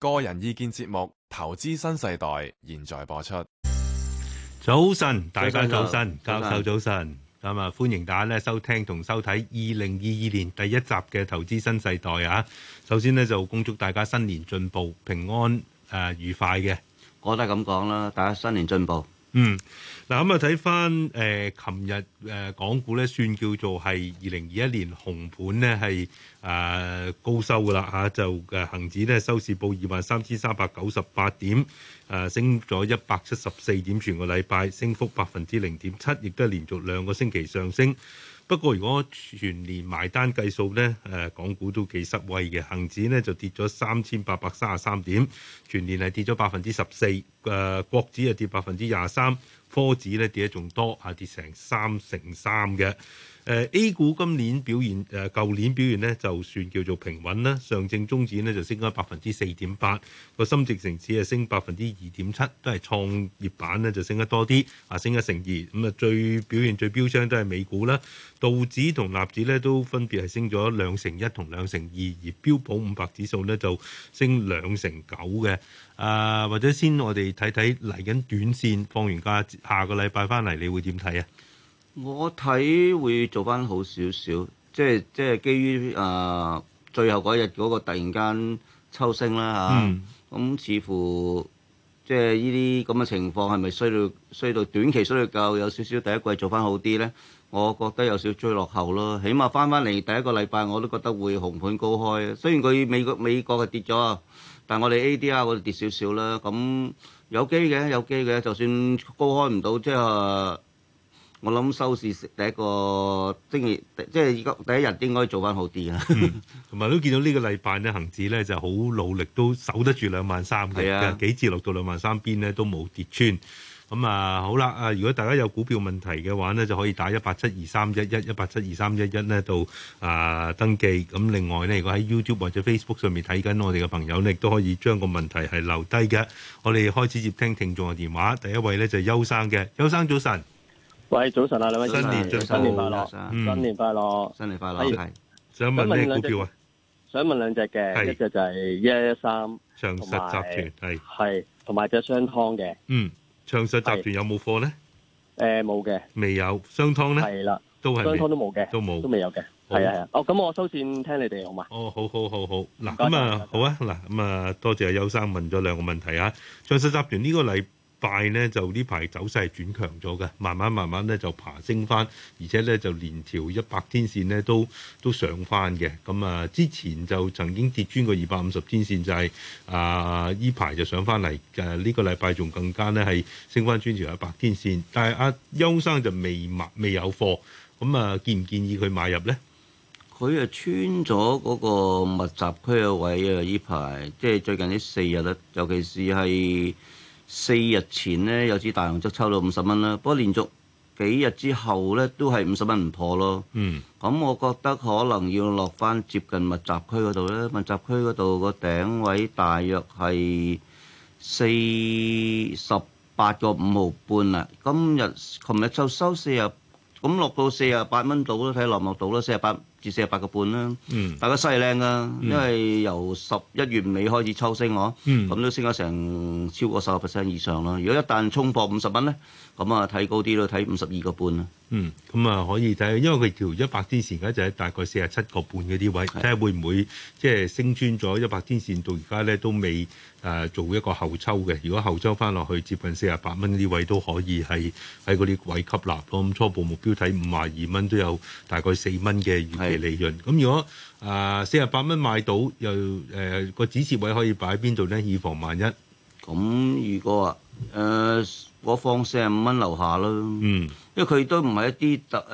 個人意見節目《投資新世代》現在播出。早晨，大家早晨，早晨，教授早晨，咁啊安，歡迎大家咧收聽同收睇二零二二年第一集嘅《投資新世代》啊！首先呢，就恭祝大家新年進步、平安誒、呃、愉快嘅。我都係咁講啦，大家新年進步。嗯，嗱咁啊睇翻誒，琴日誒港股咧，算叫做係二零二一年紅盤呢係誒、呃、高收噶啦嚇，就誒恆、呃、指呢，收市報二萬三千三百九十八點，誒、呃、升咗一百七十四點，全個禮拜升幅百分之零點七，亦都係連續兩個星期上升。不過，如果全年埋單計數咧，誒、呃，港股都幾失威嘅，恒指咧就跌咗三千八百三十三點，全年係跌咗百分之十四，誒、呃，國指啊跌百分之廿三，科指咧跌得仲多，啊跌3成三成三嘅。A 股今年表現誒舊、呃、年表現咧，就算叫做平穩啦。上證綜指咧就升咗百分之四點八，個深證成指係升百分之二點七，都係創業板咧就升得多啲，啊升一成二。咁啊最表現最飆升都係美股啦，道指同納指咧都分別係升咗兩成一同兩成二，而標普五百指數咧就升兩成九嘅。啊或者先我哋睇睇嚟緊短線，放完假下個禮拜翻嚟，你會點睇啊？我睇會做翻好少少，即係即係基於誒、呃、最後嗰日嗰個突然間抽升啦嚇，咁、啊嗯、似乎即係呢啲咁嘅情況係咪衰到衰到短期衰到夠有少少第一季做翻好啲咧？我覺得有少少追落後咯，起碼翻翻嚟第一個禮拜我都覺得會紅盤高開，雖然佢美，美國美國係跌咗，但係我哋 ADR 我哋跌少少啦，咁有機嘅有機嘅，就算高開唔到即係。我諗收市第一，個，第一,一、 嗯、個星期，即係依個第一日，應該做翻好啲啦。同埋都見到呢個禮拜呢，恒指呢就好努力都守得住兩萬三嘅，啊、幾至六到兩萬三邊呢都冇跌穿。咁、嗯、啊，好啦，啊，如果大家有股票問題嘅話呢，就可以打一八七二三一一一八七二三一一呢度啊登記。咁另外呢，如果喺 YouTube 或者 Facebook 上面睇緊我哋嘅朋友呢，都可以將個問題係留低嘅。我哋開始接聽聽，聽眾嘅電話，第一位呢，就係邱生嘅，邱生早晨。喂，早晨啊，兩位新年，早晨，新年快樂，新年快樂，新年快樂，係想問咩股票啊？想問兩隻嘅，一隻就係一一三長實集團，係係同埋隻商湯嘅。嗯，長實集團有冇貨咧？誒，冇嘅，未有。商湯咧？係啦，都係商湯都冇嘅，都冇，都未有嘅。係啊係啊。哦，咁我收線聽你哋好嘛？哦，好好好好。嗱，咁啊好啊，嗱，咁啊多謝邱生問咗兩個問題啊。長實集團呢個嚟？拜咧就呢排走勢轉強咗嘅，慢慢慢慢咧就爬升翻，而且咧就連條一百天線咧都都上翻嘅。咁啊，之前就曾經跌穿過二百五十天線，就係、是、啊呢排就上翻嚟嘅。呢、啊這個禮拜仲更加咧係升翻穿住條一百天線，但係阿、啊、邱生就未買未有貨，咁啊，建唔建議佢買入咧？佢啊穿咗嗰個密集區嘅位啊，呢排即係最近呢、就是、四日啦，尤其是係。四日前呢，有支大陽燭抽到五十蚊啦，不過連續幾日之後呢，都係五十蚊唔破咯。咁、嗯、我覺得可能要落返接近密集區嗰度呢，密集區嗰度個頂位大約係四十八個五毫半啦。今日、琴日就收四十，咁落到四十八蚊度啦，睇落冇到啦，四十八至四十八個半啦，但係個勢靚啊，因為由十一月尾開始抽升呵，咁、嗯、都升咗成超過十個 percent 以上啦。如果一旦衝破五十蚊咧，咁啊睇高啲咯，睇五十二個半啦。嗯，咁啊可以睇，因為佢條一百天線而家就喺大概四十七個半嘅啲位，睇下的會唔會即係升穿咗一百天線到，而家咧都未誒做一個後抽嘅。如果後抽翻落去接近四十八蚊呢啲位都可以係喺嗰啲位吸納咯。咁初步目標睇五十二蚊都有大概四蚊嘅。的嘅利潤，咁如果啊四十八蚊買到，又誒個止蝕位可以擺喺邊度咧？以防萬一。咁如果啊，誒我放四十五蚊樓下啦。嗯，因為佢都唔係一啲特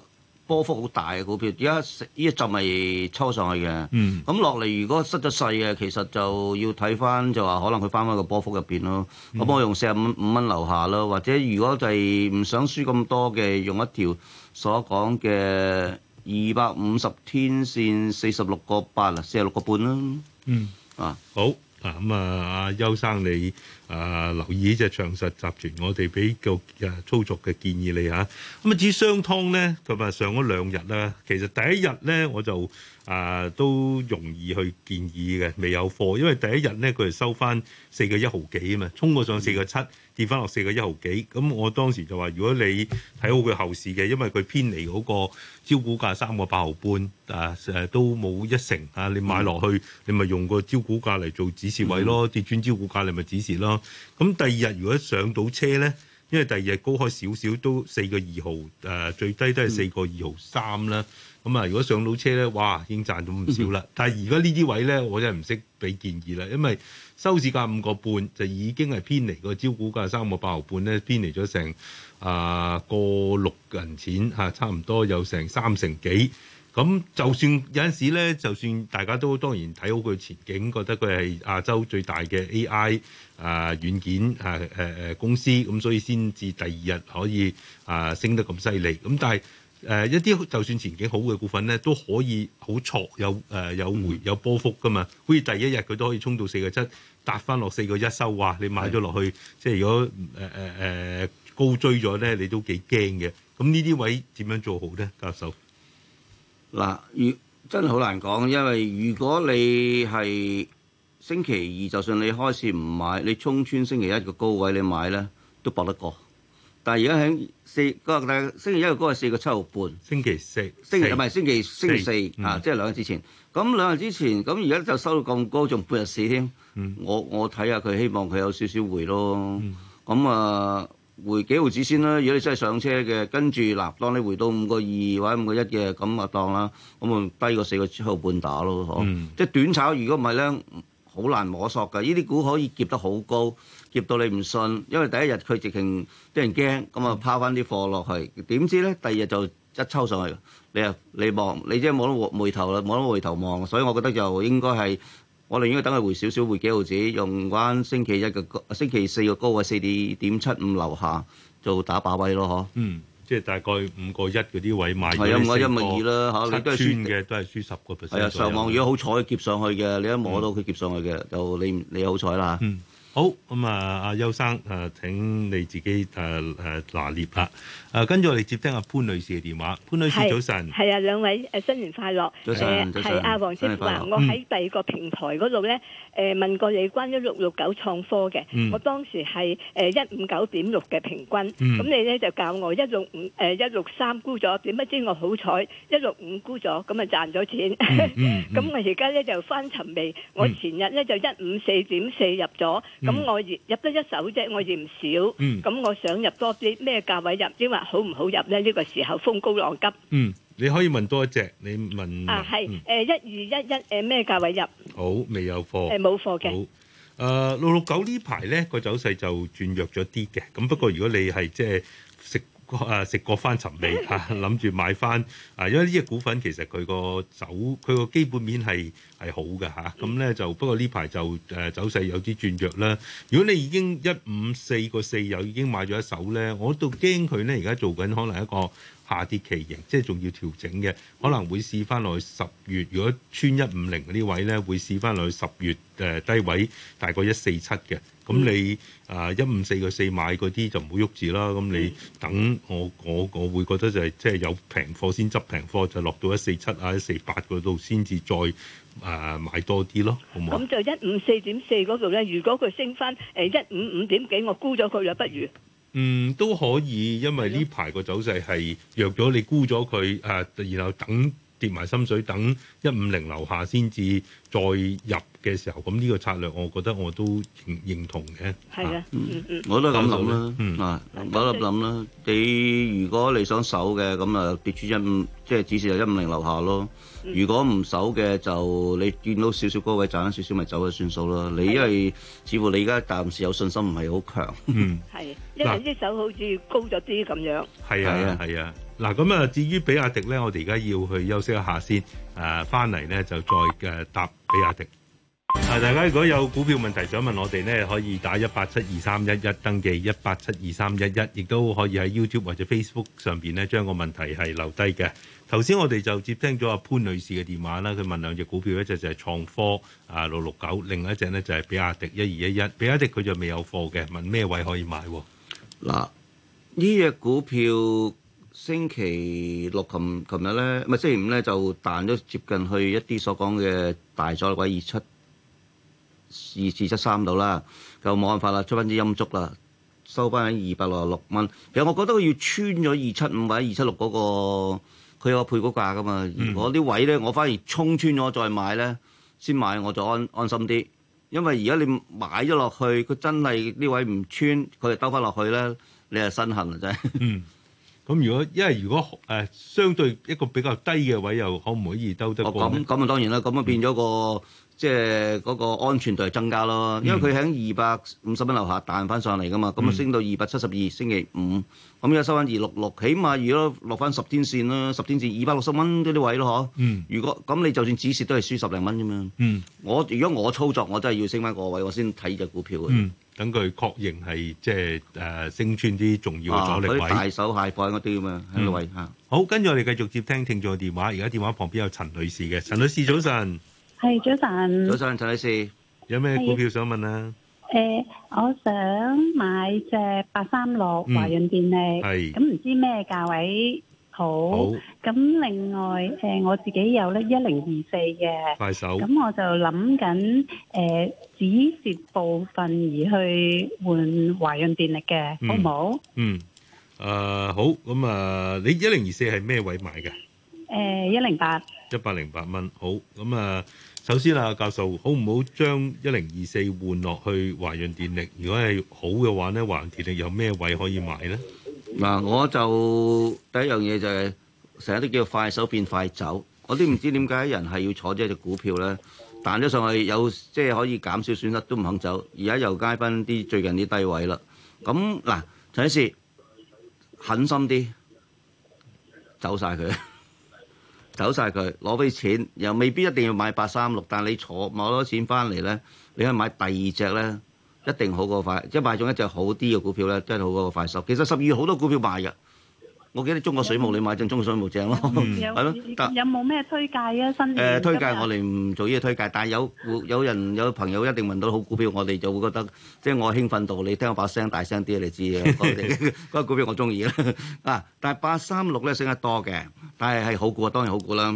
誒波幅好大嘅股票。而家依一陣咪抽上去嘅。嗯，咁落嚟如果失咗勢嘅，其實就要睇翻，就話可能佢翻翻個波幅入邊咯。咁我用四十五五蚊樓下啦，或者如果就係唔想輸咁多嘅，用一條所講嘅。二百五十天線四十六個八啊，四十六個半啦。嗯啊好啊咁啊，阿邱生你啊留意呢隻長實集團，我哋俾個誒操作嘅建議你嚇。咁啊至於商湯咧，佢咪上咗兩日啦。其實第一日咧我就。啊，都容易去建議嘅，未有貨，因為第一日咧佢係收翻四個一毫幾啊嘛，衝過上四個七，跌翻落四個一毫幾。咁我當時就話，如果你睇好佢後市嘅，因為佢偏離嗰個招股價三個八毫半啊，誒都冇一成啊，你買落去，你咪用個招股價嚟做止蝕位咯，嗯、跌穿招股價你咪止蝕咯。咁第二日如果上到車咧。因為第二日高開少少都四個二毫，誒、呃、最低都係四個二毫三啦。咁啊，如果上到車咧，哇，已經賺到唔少啦。但係而家呢啲位咧，我真係唔識俾建議啦，因為收市價五個半就已經係偏離個招股價三個八毫半咧，偏離咗成啊個六銀錢嚇、啊，差唔多有成三成幾。咁就算有陣時咧，就算大家都當然睇好佢前景，覺得佢係亞洲最大嘅 AI 啊、呃、軟件啊誒誒公司，咁、嗯、所以先至第二日可以啊、呃、升得咁犀利。咁、嗯、但係誒、呃、一啲就算前景好嘅股份咧，都可以好挫，有誒、呃、有回有波幅噶嘛。好似第一日佢都可以衝到四個七，達返落四個一收哇、啊！你買咗落去，是的 即係如果誒誒誒高追咗咧，你都幾驚嘅。咁呢啲位點樣做好咧，教授？嗱，如真係好難講，因為如果你係星期二，就算你開始唔買，你衝穿星期一嘅高位你買呢都搏得過。但係而家喺四個星期一嘅高係四個七毫半，星期四，星期唔係四星期星期四,四啊，嗯、即係兩日之前。咁兩日之前，咁而家就收到咁高，仲半日市添。我、嗯、我睇下佢，睇下希望佢有少少回咯。咁啊、嗯、～、嗯嗯回幾毫子先啦、啊，如果你真係上車嘅，跟住嗱，當你回到五個二或者五個一嘅，咁啊當啦，咁咪低個四個七毫半打咯，嗬、嗯。即係短炒，如果唔係咧，好難摸索㗎。呢啲股可以攪得好高，攪到你唔信，因為第一日佢直情啲人驚，咁啊拋翻啲貨落去，點知咧第二日就一抽上去，你啊你望你即係冇得回頭啦，冇得回頭望，所以我覺得就應該係。我哋應該等佢回少少，回幾毫子，用返星期一嘅星期四嘅高位四點點七五樓下做打靶位咯，嗬。嗯，即係大概五個一嗰啲位買咗，係啊，五個一咪二啦，嚇，你都係輸嘅，都係輸十個 percent，係啊，上網如果好彩，接上去嘅，你一摸到佢接上去嘅，嗯、就你你好彩啦，嗯。好咁啊，阿邱生啊，請你自己誒誒拿捏啦。誒，跟住我哋接聽阿潘女士嘅電話。潘女士早晨，係啊，兩位誒新年快樂。早晨早晨，係啊，黃師傅，我喺第二個平台嗰度咧，誒問過你關於六六九創科嘅，我當時係誒一五九點六嘅平均，咁你咧就教我一六五誒一六三沽咗，點不知我好彩一六五沽咗，咁啊賺咗錢。咁我而家咧就翻尋味，我前日咧就一五四點四入咗。咁我入得一手啫，我亦唔少。咁我想入多啲，咩價位入？抑或好唔好入咧？呢個時候風高浪急。嗯，你可以問多一隻，你問啊，係誒一二一一誒咩價位入？好，未有貨。誒冇貨嘅。好。誒六六九呢排咧個走勢就轉弱咗啲嘅。咁不過如果你係即係食。誒食過翻尋味嚇，諗、啊、住買翻啊！因為呢隻股份其實佢個走，佢個基本面係係好嘅嚇。咁、啊、咧就不過呢排就誒、呃、走勢有啲轉弱啦。如果你已經一五四個四又已經買咗一手咧，我都驚佢咧而家做緊可能一個下跌期型，即係仲要調整嘅，可能會試翻落去十月。如果穿一五零嗰啲位咧，會試翻落去十月誒、呃、低位，大概一四七嘅。咁你啊一五四個四買嗰啲就唔好喐住啦。咁你等我我我會覺得就係即係有平貨先執平貨，就落到一四七啊一四八嗰度先至再啊買多啲咯。好嘛？咁就一五四點四嗰度咧，如果佢升翻誒一五五點幾，我沽咗佢啦，不如嗯都可以，因為呢排個走勢係弱咗，你沽咗佢啊，然後等。跌埋心水，等一五零樓下先至再入嘅時候，咁呢個策略，我覺得我都認認同嘅。係的啊，嗯、我都咁諗啦，啊、嗯，嗯、我都諗啦。你、嗯、如果你想守嘅，咁啊跌住一五，即係指數就一五零樓下咯。嗯、如果唔守嘅，就你見到少少高位賺咗少少，咪走咗算數咯。你因為的似乎你而家暫時有信心唔係好強。嗯，係，因為一手好似高咗啲咁樣。係啊，係啊。嗱咁啊，至於比亞迪咧，我哋而家要去休息一下先，誒翻嚟咧就再誒、啊、答比亞迪。啊，大家如果有股票問題想問我哋咧，可以打一八七二三一一，登記一八七二三一一，亦都可以喺 YouTube 或者 Facebook 上邊咧將個問題係留低嘅。頭先我哋就接聽咗阿潘女士嘅電話啦，佢問兩隻股票，一隻就係創科啊六六九，另一隻呢就係比亞迪一二一一。11, 比亞迪佢就未有貨嘅，問咩位可以買？嗱，呢隻股票。星期六琴琴日咧，唔係星期五咧，就彈咗接近去一啲所講嘅大阻力位二七二七二七三度啦，就冇辦法啦，出翻支陰燭啦，收翻喺二百六十六蚊。其實我覺得佢要穿咗二七五或者二七六嗰個佢個配股價㗎嘛。嗯、如果啲位咧，我反而衝穿咗再買咧，先買我就安安心啲。因為而家你買咗落去，佢真係呢位唔穿，佢就兜翻落去咧，你係身痕啊真係。嗯咁如果，因為如果誒、呃、相對一個比較低嘅位又可唔可以兜得過咁咁啊當然啦，咁啊、哦、變咗個、嗯、即係嗰個安全度係增加咯，嗯、因為佢喺二百五十蚊樓下彈翻上嚟噶嘛，咁啊、嗯、升到二百七十二星期五，咁而家收翻二六六，起碼如果落翻十天線啦，十天線二百六十蚊嗰啲位咯嗬。嗯、如果咁你就算止蝕都係輸十零蚊啫嘛。嗯。我如果我操作，我都係要升翻個位我先睇隻股票嘅。嗯。等佢確認係即係誒升穿啲重要阻力位，可、哦、大手大派嗰啲嘛係咯位嚇。嗯、是好，跟住我哋繼續接聽聽眾電話。而家電話旁邊有陳女士嘅，陳女士早晨，係早晨，早晨陳女士，有咩股票想問啊？誒、呃，我想買隻八三六華潤電力，係咁唔知咩價位？好，咁好另外誒、呃，我自己有咧一零二四嘅快手，咁我就諗緊誒止蝕部分而去換華潤電力嘅，嗯、好唔好，嗯呃、好？嗯，誒好，咁啊，你一零二四係咩位買㗎？誒一零八，一百零八蚊。好，咁、嗯、啊、呃，首先啊，教授，好唔好將一零二四換落去華潤電力？如果係好嘅話咧，華潤電力有咩位可以買咧？嗱、啊，我就第一樣嘢就係成日都叫快手變快走，我都唔知點解人係要坐住一隻股票咧，彈咗上去有，有即係可以減少損失都唔肯走，而家又街翻啲最近啲低位啦。咁嗱，陳女士狠心啲走晒佢，走晒佢，攞啲錢又未必一定要買八三六，但係你坐冇多錢翻嚟咧，你去買第二隻咧。一定好過快，即係買中一隻好啲嘅股票咧，真係好過個快手。其實十二月好多股票賣嘅，我記得中國水務你買正中國水務正咯，係咯，得有冇咩推介啊？新誒推介我哋唔做呢個推介，但係有有人有朋友一定問到好股票，我哋就會覺得即係我興奮到，你聽我把聲大聲啲，你知嗰個股票我中意啦。啊，但係八三六咧升得多嘅，但係係好股啊，當然好股啦。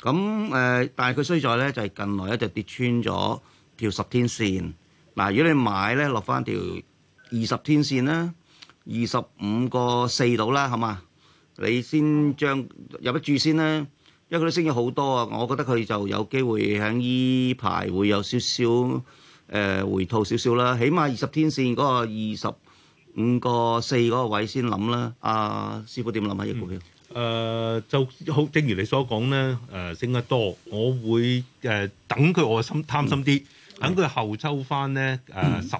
咁誒，但係佢衰在咧就係近來一直跌穿咗條十天線。嗱，如果你買咧，落翻條二十天線啦，二十五個四度啦，係嘛？你先將入得住先啦，因為佢都升咗好多啊，我覺得佢就有機會喺依排會有少少誒回吐少少啦，起碼二十天線嗰、那個二十五個四嗰個位先諗啦。阿、啊、師傅點諗啊？啲股票？誒、呃、就好，正如你所講咧，誒、呃、升得多，我會誒、呃、等佢，我心貪心啲。嗯等佢後抽翻咧，誒。十。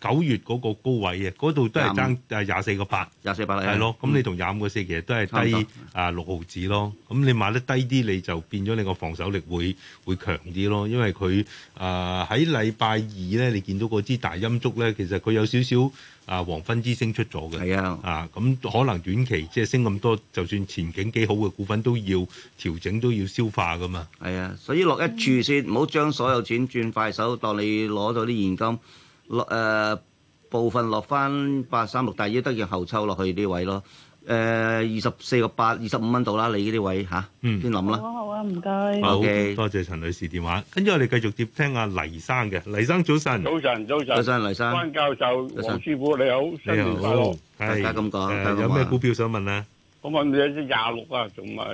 九月嗰個高位嘅，嗰度都係爭啊廿四個八，廿四百啦，係咯，咁你同廿五個四其實都係低啊六毫子咯。咁你買得低啲，你就變咗你個防守力會會強啲咯。因為佢啊喺禮拜二咧，你見到嗰支大陰燭咧，其實佢有少少啊黃昏之星出咗嘅，係啊，啊咁可能短期即係升咁多，就算前景幾好嘅股份都要調整，都要消化噶嘛。係啊，所以落一注先，唔好將所有錢轉快手，當你攞咗啲現金。落，誒部分落翻八三六，但係要得嘅後抽落去呢位咯。誒二十四個八二十五蚊到啦，你呢啲位嚇。嗯，先諗啦。好啊，唔該。好，多謝陳女士電話。跟住我哋繼續接聽阿黎生嘅。黎生早晨。早晨，早晨。早晨，黎生。關教授，黃師傅你好，新年快樂。係，大家咁講。有咩股票想問啊？我問你隻廿六啊，仲買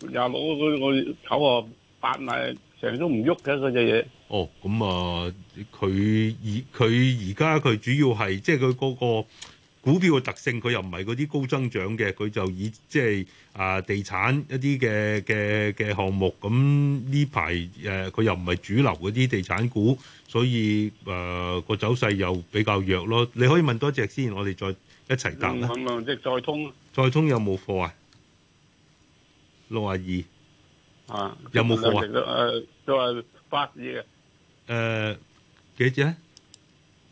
廿六嗰個，我炒個八埋成日都唔喐嘅嗰隻嘢。那個、哦，咁、嗯、啊，佢而佢而家佢主要係即係佢嗰個股票嘅特性，佢又唔係嗰啲高增長嘅，佢就以即係啊地產一啲嘅嘅嘅項目。咁呢排誒佢又唔係主流嗰啲地產股，所以誒個、呃、走勢又比較弱咯。你可以問多隻先，我哋再一齊答啦。即係再通、啊。再通有冇貨啊？六啊二。啊！有冇貨啊？誒，就係百二嘅。誒，幾錢咧？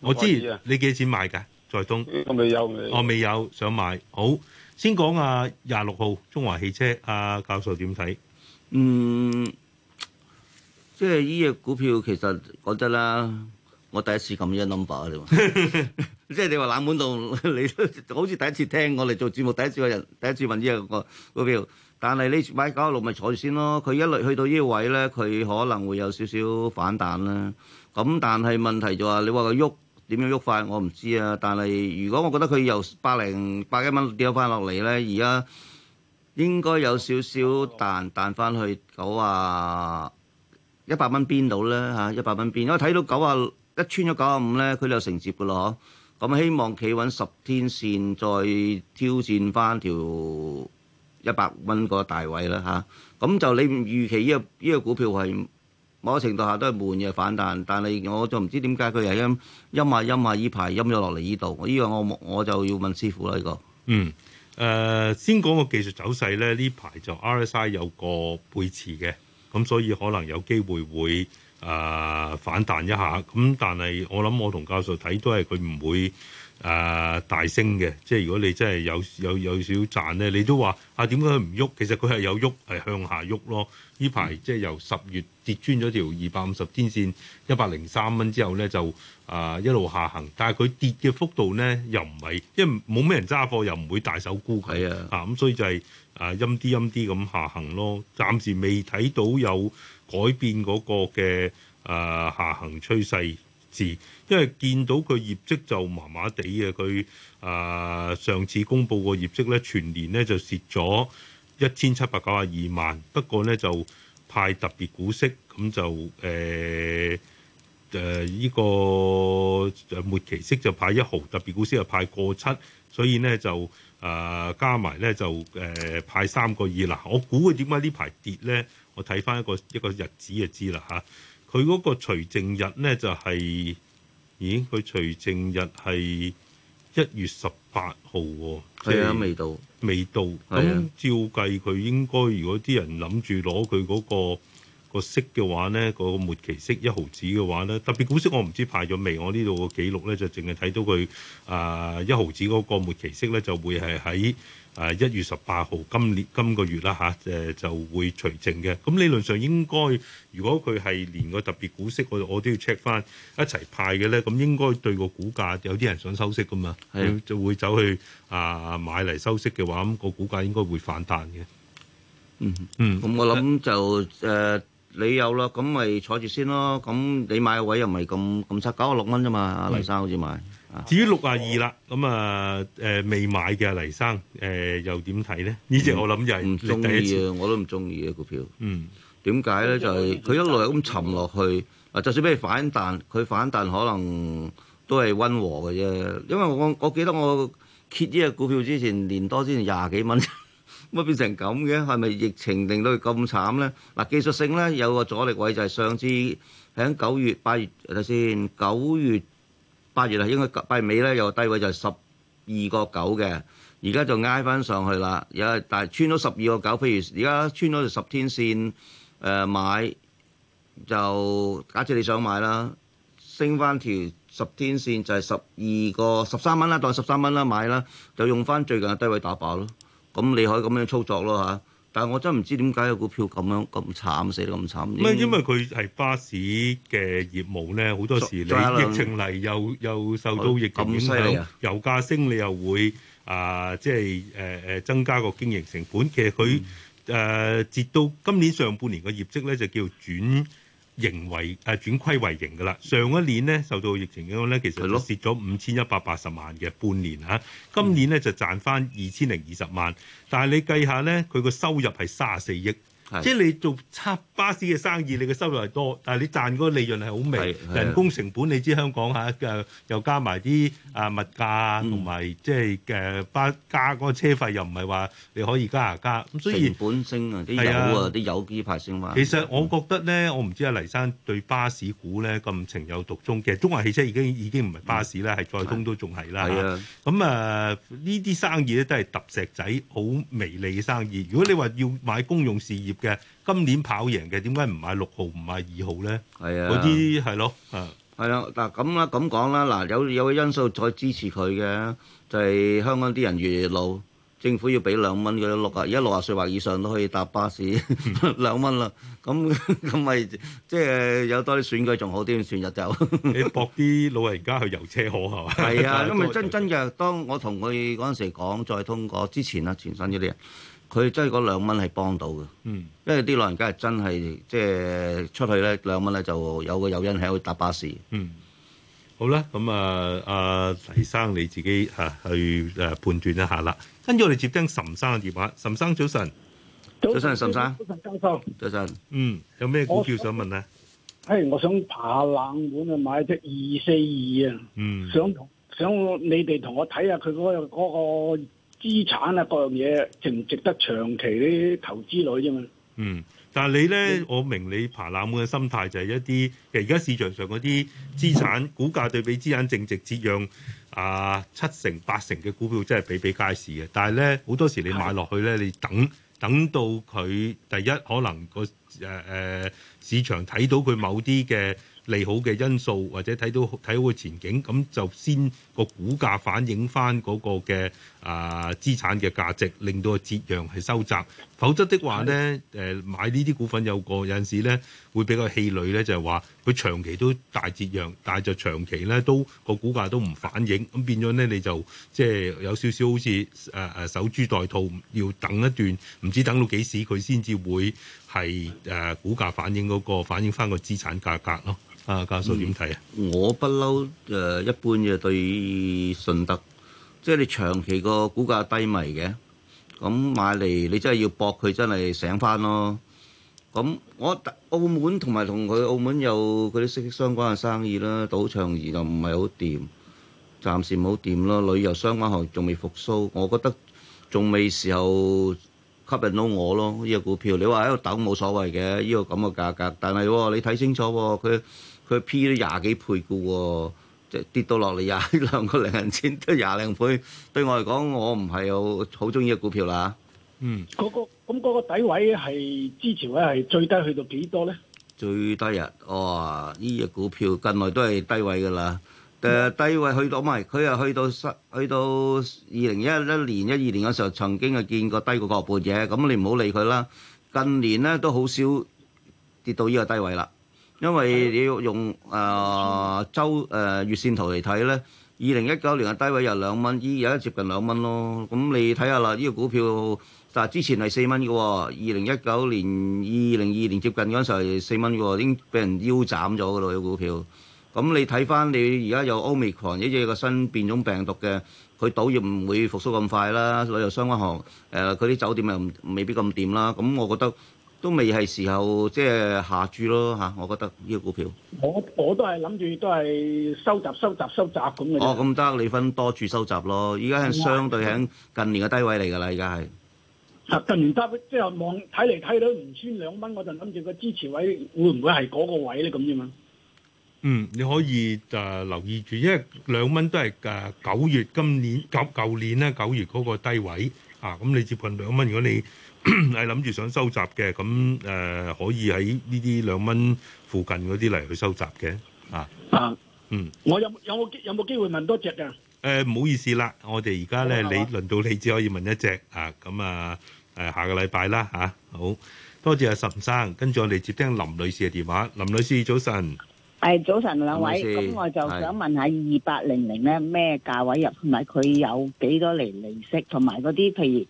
我知，你幾錢買噶？在東，我未有，我未有想買。好，先講下，廿六號中華汽車，啊，教授點睇？嗯，即係呢隻股票，其實講真啦，我第一次咁樣 number 添，即係你話冷門度，你好似第一次聽我嚟做節目，第一次嘅人，第一次問呢隻個股票。但係你買九十六咪坐住先咯，佢一嚟去到呢個位咧，佢可能會有少少反彈啦。咁但係問題就話、是，你話佢喐點樣喐快，我唔知啊。但係如果我覺得佢由百零百一蚊跌翻落嚟咧，而家應該有少少彈彈翻去九啊一百蚊邊度咧嚇？一百蚊邊，因為睇到九啊一穿咗九啊五咧，佢就承接噶咯嗬。咁希望企穩十天線，再挑戰翻條。一百蚊個大位啦嚇，咁就你預期呢個依個股票係某程度下都係悶嘅反彈，但係我就唔知點解佢係咁陰下陰下依排陰咗落嚟呢度，呢依樣我我就要問師傅啦呢個。嗯，誒先講個技術走勢咧，呢排就 RSI 有個背馳嘅，咁所以可能有機會會誒反彈一下，咁但係我諗我同教授睇都係佢唔會。誒、uh，大升嘅，即係如果你真係有有有少賺咧，你都話啊點解佢唔喐？其實佢係有喐，係向下喐咯。呢排即係由十月跌穿咗條二百五十天線一百零三蚊之後咧，就誒、啊、一路下行。但係佢跌嘅幅度咧又唔係，因為冇咩人揸貨，又唔會大手沽，係啊，啊咁所以就係、係、啊陰啲陰啲咁下行咯。暫時未睇到有改變嗰個嘅誒、啊、下行趨勢。因為見到佢業績就麻麻地嘅，佢啊、呃、上次公布個業績咧，全年咧就蝕咗一千七百九十二萬，不過咧就派特別股息，咁就誒誒呢個末期息就派一毫，特別股息就派個七，所以咧就啊、呃、加埋咧就誒、呃、派三個二嗱。我估佢點解呢排跌咧？我睇翻一個一個日子就知啦嚇。啊佢嗰個除淨日咧就係、係，咦，佢除淨日係一月十八號喎。係啊，未到，未到。咁照計佢應該，如果啲人諗住攞佢嗰個、嗰個息嘅話咧，個末期息一毫子嘅話咧，特別股息我唔知派咗未。我呢度個記錄咧就淨係睇到佢啊、呃、一毫子嗰個末期息咧就會係喺。誒一、uh, 月十八號，今年今個月啦嚇誒就會除淨嘅。咁理論上應該，如果佢係連個特別股息，我我都要 check 翻一齊派嘅咧，咁應該對個股價有啲人想收息㗎嘛，是就會走去啊買嚟收息嘅話，咁個股價應該會反彈嘅。嗯嗯，咁我諗就誒你有啦，咁咪坐住先咯。咁你買個位又唔係咁咁七九啊六蚊啫嘛，阿黎生好似買。至於六啊二啦，咁啊誒未買嘅黎生誒又點睇咧？以前我諗就係唔中意啊，我都唔中意嘅股票。點解咧？就係佢一路係咁沉落去，啊，就算俾佢反彈，佢反彈可能都係溫和嘅啫。因為我我記得我揭呢隻股票之前年多之前廿幾蚊，乜變成咁嘅？係咪疫情令到佢咁慘咧？嗱，技術性咧有個阻力位就係上次喺九月，八月睇先，九月，八月啊，應該八月尾咧，有個低位就係十二個九嘅，而家就挨翻上去啦。有但係穿咗十二個九，譬如而家穿咗十天線，誒、呃、買就假設你想買啦，升翻條十天線就係十二個十三蚊啦，當十三蚊啦買啦，就用翻最近嘅低位打爆咯。咁你可以咁樣操作咯嚇。但我真唔知點解個股票咁樣咁慘，死得咁慘。唔係因為佢係巴士嘅業務咧，好多時你疫情嚟又又受到疫情影響，油價升你又會啊、呃，即係誒誒增加個經營成本。其實佢誒截到今年上半年嘅業績咧，就叫轉盈為誒、啊、轉虧為盈嘅啦，上一年咧受到疫情影響咧，其實蝕咗五千一百八十萬嘅半年嚇、啊，今年咧就賺翻二千零二十萬，但係你計下咧，佢個收入係三十四億。即係你做測巴士嘅生意，你嘅收入係多，但係你賺嗰個利潤係好微。的人工成本你知香港嚇，又又加埋啲啊物價同埋即係嘅巴加嗰個車費，又唔係話你可以加下加。咁雖然成本升啊，啲油啊，啲機排升啊。其實我覺得咧，我唔知阿黎生對巴士股咧咁情有獨鍾。其實中華汽車已經已經唔係巴士啦，係再通都仲係啦。係啊的，咁啊呢啲生意咧都係揼石，石仔好微利嘅生意。如果你話要買公用事業，嗯嗯嘅今年跑贏嘅，點解唔買六號，唔買二號咧？係啊，嗰啲係咯，啊係啊嗱咁啦咁講啦嗱，有有個因素再支持佢嘅，就係、是、香港啲人越，越老，政府要俾兩蚊嗰啲六啊，而家六啊歲或以上都可以搭巴士兩蚊啦。咁咁咪即係有多啲選舉仲好啲，選日就 你搏啲老人家去遊車河係嘛？係啊， 因為真真嘅，當我同佢嗰陣時講再通過之前啦，全新嗰啲人。佢真係嗰兩蚊係幫到嘅，嗯、因為啲老人家係真係即係出去咧，兩蚊咧就有個有因喺度搭巴士。嗯，好啦，咁啊，阿黎生你自己嚇、啊、去誒判斷一下啦。跟住我哋接聽岑生嘅電話。岑生早晨，早晨岑生，早晨早晨，早晨嗯，有咩股票想問咧？係，我想爬冷門啊，買隻二四二啊，嗯，想想你哋同我睇下佢嗰嗰個。資產啊，各樣嘢值唔值得長期啲投資落去啫嘛？嗯，但係你咧，我明你爬冷門嘅心態就係一啲誒，而家市場上嗰啲資產股價對比資產淨值折讓啊七成八成嘅股票真係比比皆是嘅。但係咧，好多時你買落去咧，的你等等到佢第一，可能個誒誒市場睇到佢某啲嘅利好嘅因素，或者睇到睇好嘅前景，咁就先個股價反映翻嗰個嘅。啊，資產嘅價值令到個折讓係收窄，否則的話咧，誒買呢啲股份有個有陣時咧，會比較氣餒咧，就係話佢長期都大折讓，但係就長期咧都個股價都唔反映，咁變咗咧你就即係有少少好似誒誒守株待兔，要等一段唔知等到幾時佢先至會係誒、啊、股價反映嗰、嗰個反映翻個資產價格咯。啊，教授點睇啊？我不嬲誒，一般嘅對順德。即係你長期個股價低迷嘅，咁買嚟你真係要搏佢真係醒翻咯。咁我澳門同埋同佢澳門有嗰啲息息相關嘅生意啦，賭場而就唔係好掂，暫時冇掂咯。旅遊相關行業仲未復甦，我覺得仲未時候吸引到我咯呢個股票。你話喺度等冇所謂嘅呢個咁嘅價格，但係你睇清楚喎，佢佢 P 都廿幾倍嘅喎。就跌到落嚟廿兩個零錢，得廿零倍，對我嚟講，我唔係好好中意嘅股票啦。嗯，嗰、嗰個咁嗰、嗰個底位係之前咧係最低去到幾多咧？最低啊！哇、哦，呢隻股票近來都係低位噶啦。誒、嗯，低位去到唔係佢又去到十去到二零一一年、一二年嘅時候曾經係見過低過個半嘅，咁你唔好理佢啦。近年咧都好少跌到呢個低位啦。因為你要用誒周誒月線圖嚟睇咧，二零一九年嘅低位又兩蚊，依而家接近兩蚊咯。咁你睇下啦，呢個股票但係之前係四蚊嘅喎，二零一九年、二零二年接近嗰陣時係四蚊喎，已經俾人腰斬咗嘅咯，呢個股票。咁你睇翻你而家有 Omicron 呢隻個新變種病毒嘅，佢倒亦唔會復甦咁快啦。旅遊相關行誒，佢啲酒店又唔未必咁掂啦。咁我覺得。都未係時候，即係下注咯嚇，我覺得呢個股票。我我都係諗住都係收集收集收集咁嘅。哦，咁得，你分多處收集咯。依家係相對喺近年嘅低位嚟噶啦，依家係。啊，近年低即係望睇嚟睇到唔穿兩蚊，我就諗住個支持位會唔會係嗰個位咧？咁啫嘛。嗯，你可以誒留意住，因為兩蚊都係誒九月今年九舊年咧九月嗰個低位啊，咁你接近兩蚊，如果你。係諗住想收集嘅，咁誒可以喺呢啲兩蚊附近嗰啲嚟去收集嘅啊！啊，嗯，我有有冇有冇機會問多隻嘅？誒，唔好意思啦，我哋而家咧，你輪到你只可以問一隻啊！咁啊，誒，下個禮拜啦吓、啊，好多謝阿岑生，跟住我哋接聽林女士嘅電話。林女士早晨，係早晨兩位，咁我就想問下二八零零咧咩價位入，同埋佢有幾多年利息，同埋嗰啲譬如。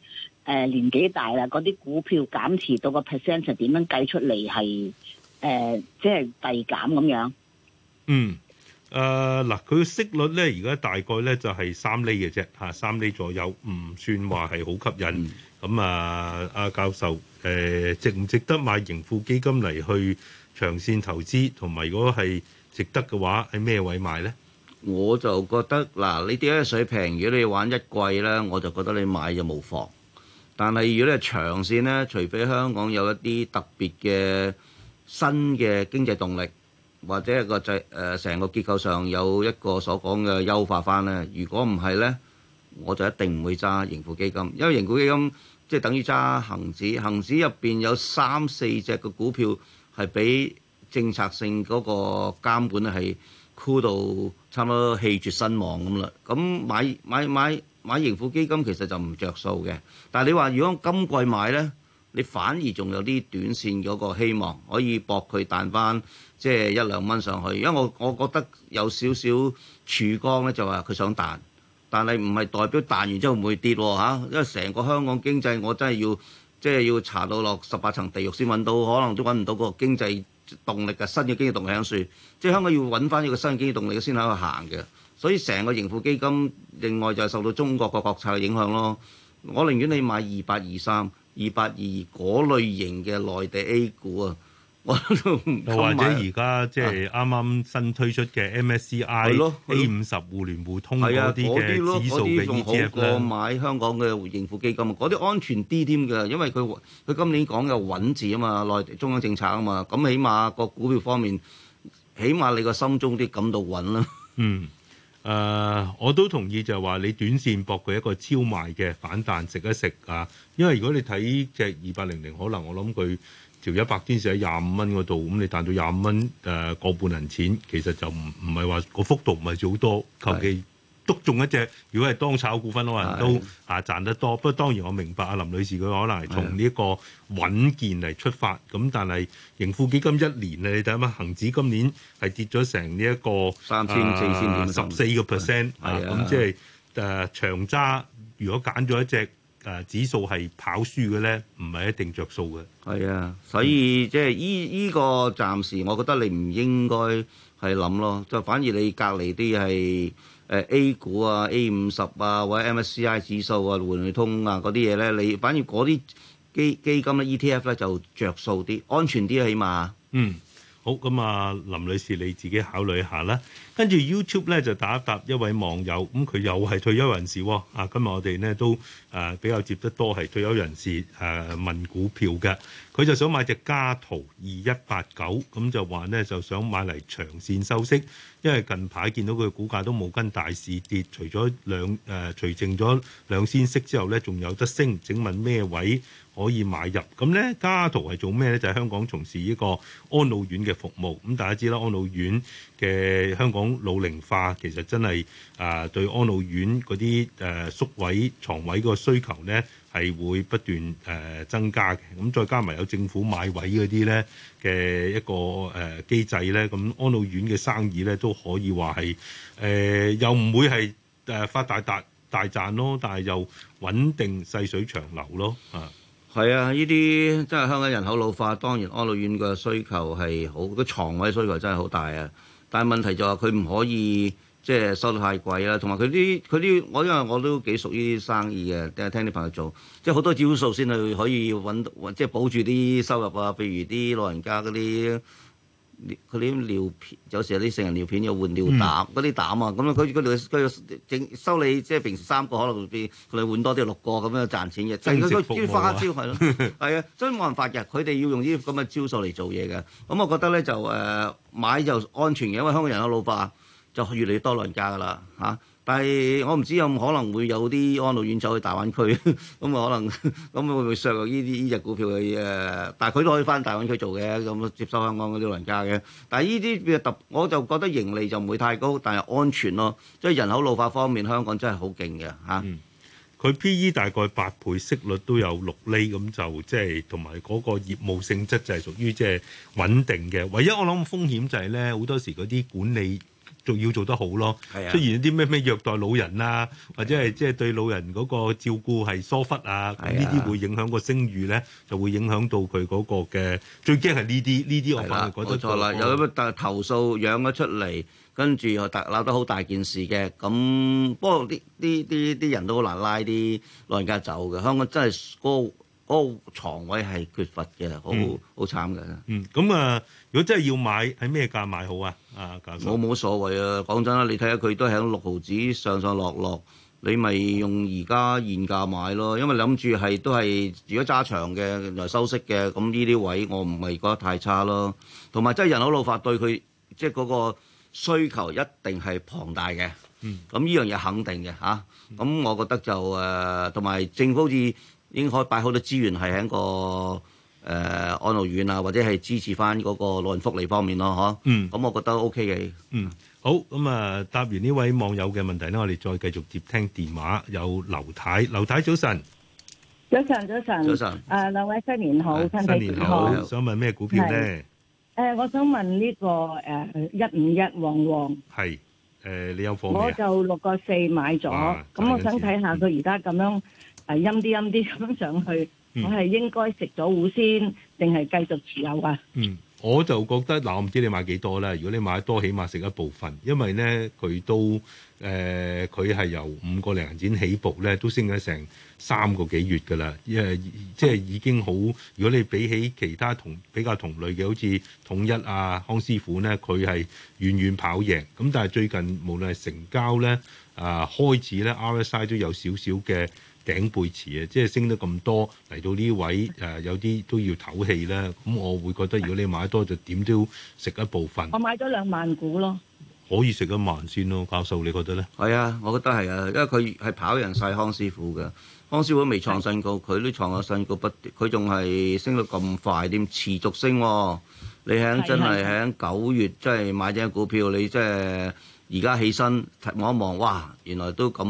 誒年紀大啦，嗰啲股票減持到個 percent 點樣計出嚟係誒，即係遞減咁樣。嗯，誒、呃、嗱，佢息率咧，而家大概咧就係三厘嘅啫，嚇三厘左右，唔算話係好吸引。咁、嗯嗯嗯、啊，阿教授誒、呃，值唔值得買盈富基金嚟去長線投資？同埋，如果係值得嘅話，喺咩位買咧？我就覺得嗱，呢啲咧水平，如果你玩一季咧，我就覺得你買就冇妨。但係如果你長線咧，除非香港有一啲特別嘅新嘅經濟動力，或者一個制誒成個結構上有一個所講嘅優化翻咧。如果唔係咧，我就一定唔會揸盈富基金，因為盈富基金即係等於揸恒指，恒指入邊有三四隻嘅股票係俾政策性嗰個監管係箍到差唔多氣絕身亡咁啦。咁買買買。買買買買盈富基金其實就唔着數嘅，但係你話如果今季買呢，你反而仲有啲短線嗰個希望，可以博佢彈翻即係一兩蚊上去。因為我我覺得有少少曙光呢，就話佢想彈，但係唔係代表彈完之後唔會跌喎，因為成個香港經濟，我真係要即係要查到落十八層地獄先揾到，可能都揾唔到個經濟動力嘅新嘅經濟動力喺處，即係香港要揾翻一個新嘅經濟動力先喺度行嘅。所以成個盈富基金，另外就係受到中國個國策嘅影響咯。我寧願你買二八二三、二八二二嗰類型嘅內地 A 股啊，我都唔、啊。又或者而家即係啱啱新推出嘅 MSCI、啊、A 五十互聯互通嗰啲嘅指數仲好過買香港嘅盈富基金啊！嗰啲安全啲添㗎，因為佢佢今年講嘅穩字啊嘛，內地中央政策啊嘛，咁起碼個股票方面，起碼你個心中啲感到穩啦。嗯。誒，uh, 我都同意就係話你短線博佢一個超賣嘅反彈食一食啊，因為如果你睇隻二百零零，可能我諗佢條一百天線喺廿五蚊嗰度。咁、嗯、你彈到廿五蚊誒個半銀錢，其實就唔唔係話個幅度唔係好多，求其的。捉中一隻，如果係當炒股份，可能都嚇賺得多。不過的當然我明白啊林女士佢可能係從呢一個穩健嚟出發。咁的但係盈富基金一年啊，你睇下嘛，恆指今年係跌咗成呢一個三千四千點十四個 percent。係啊 3, 4,、呃，咁即係誒、呃、長揸。如果揀咗一隻誒、呃、指數係跑輸嘅咧，唔係一定着數嘅。係啊，所以即係依依個暫時，我覺得你唔應該係諗咯。就反而你隔籬啲係。呃、A 股啊、A 五十啊或者 MSCI 指數啊、滬倫通啊嗰啲嘢咧，你反而嗰啲基基金咧 ET、ETF 咧就着數啲，安全啲起碼。嗯。好咁啊，林女士你自己考慮一下啦。跟住 YouTube 咧就打一答一位網友，咁佢又係退休人士喎。啊，今日我哋呢都誒、呃、比較接得多係退休人士誒、呃、問股票嘅。佢就想買隻加圖二一八九，咁就話呢，就想買嚟長線收息，因為近排見到佢股價都冇跟大市跌，除咗兩誒、呃、除淨咗兩先息之後呢，仲有得升，請問咩位？可以買入咁咧，家圖係做咩咧？就係、是、香港從事呢個安老院嘅服務。咁大家知啦，安老院嘅香港老齡化其實真係啊、呃，對安老院嗰啲誒宿位、床位個需求咧係會不斷誒、呃、增加嘅。咁再加埋有政府買位嗰啲咧嘅一個誒、呃、機制咧，咁安老院嘅生意咧都可以話係誒又唔會係誒發大達大，大賺咯，但係又穩定細水長流咯啊！係啊，呢啲即係香港人口老化，當然安老院個需求係好，個床位需求真係好大啊！但係問題就係佢唔可以即係、就是、收得太貴啦，同埋佢啲佢啲，我因為我都幾熟呢啲生意嘅，聽聽啲朋友做，即係好多招數先去可以搵到，即係保住啲收入啊，譬如啲老人家嗰啲。佢啲尿片，有時有啲成人尿片又換尿膽，嗰啲、嗯、膽啊，咁啊佢佢佢佢整收你即係平時三個可能會變，佢哋換多啲六個咁樣賺錢嘅，係佢佢啲花招係咯，係無話 啊，所以冇、 啊、辦法嘅，佢哋要用啲咁嘅招數嚟做嘢嘅，咁我覺得咧就誒、呃、買就安全嘅，因為香港人嘅老化就越嚟越多老人家噶啦嚇。啊。但係我唔知有冇可能會有啲安老院走去大灣區，咁 啊可能咁會唔會削呢啲呢隻股票嘅？誒，但係佢都可以翻大灣區做嘅，咁接受香港啲老人家嘅。但係呢啲特，我就覺得盈利就唔會太高，但係安全咯。即係人口老化方面，香港真係好勁嘅嚇。佢 P E 大概八倍，息率都有六厘，咁就即係同埋嗰個業務性質就係屬於即係穩定嘅。唯一我諗風險就係咧，好多時嗰啲管理。仲要做得好咯，出現啲咩咩虐待老人啊，或者係即係對老人嗰個照顧係疏忽啊，呢啲、啊、會影響個聲譽咧，就會影響到佢嗰個嘅最驚係呢啲，呢啲、啊、我反而覺得冇、那個、啦，有乜投訴養咗出嚟，跟住又鬧得好大件事嘅，咁不過呢啲啲啲人都好難拉啲老人家走嘅，香港真係高。屋牀位係缺乏嘅，好好慘嘅。嗯，咁啊、嗯，如果真係要買，喺咩價買好啊？啊，價我冇所謂啊！講真啦，你睇下佢都喺六毫子上上落落，你咪用而家現價買咯。因為諗住係都係，如果揸長嘅又收息嘅，咁呢啲位我唔係覺得太差咯。同埋真係人口老化對佢，即係嗰個需求一定係龐大嘅。嗯，咁呢樣嘢肯定嘅嚇。咁、啊、我覺得就誒，同、啊、埋政府好似。應該擺好多資源係喺個誒、呃、安老院啊，或者係支持翻嗰個老人福利方面咯，嚇、啊。嗯。咁我覺得 OK 嘅。嗯。好，咁、嗯、啊答完呢位網友嘅問題咧，我哋再繼續接聽電話。有劉太，劉太早晨。早晨，早晨。早晨。誒上，兩位、啊、新年好，新年好。新年好。想問咩股票咧？誒、呃，我想問呢、呢個誒一五一旺旺，係、呃。誒、呃，你有貨咩？我就六個四買咗，咁、啊、我想睇下佢而家咁樣。嗯係陰啲陰啲咁上去，嗯、我係應該食咗糊先，定係繼續持有啊？嗯，我就覺得嗱，我唔知你買幾多啦。如果你買得多，起碼食一部分，因為咧佢都誒，佢、呃、係由五個零錢起步咧，都升咗成三個幾月㗎啦。因為即係已經好，如果你比起其他同比較同類嘅，好似統一啊、康師傅咧，佢係遠遠跑贏。咁但係最近無論係成交咧，啊、呃、開始咧，R S I 都有少少嘅。頂背馳啊！即係升得咁多嚟到呢位誒、呃，有啲都要唞氣啦。咁我會覺得如果你買多就點都要食一部分。我買咗兩萬股咯。可以食一萬先咯，教授，你覺得咧？係啊，我覺得係啊，因為佢係跑贏晒康師傅嘅。康師傅未創新高，佢的都創咗新高不斷。佢仲係升得咁快，點持續升、哦？你喺真係喺九月即係、就是、買隻股票，你即係。而家起身望一望，哇！原來都咁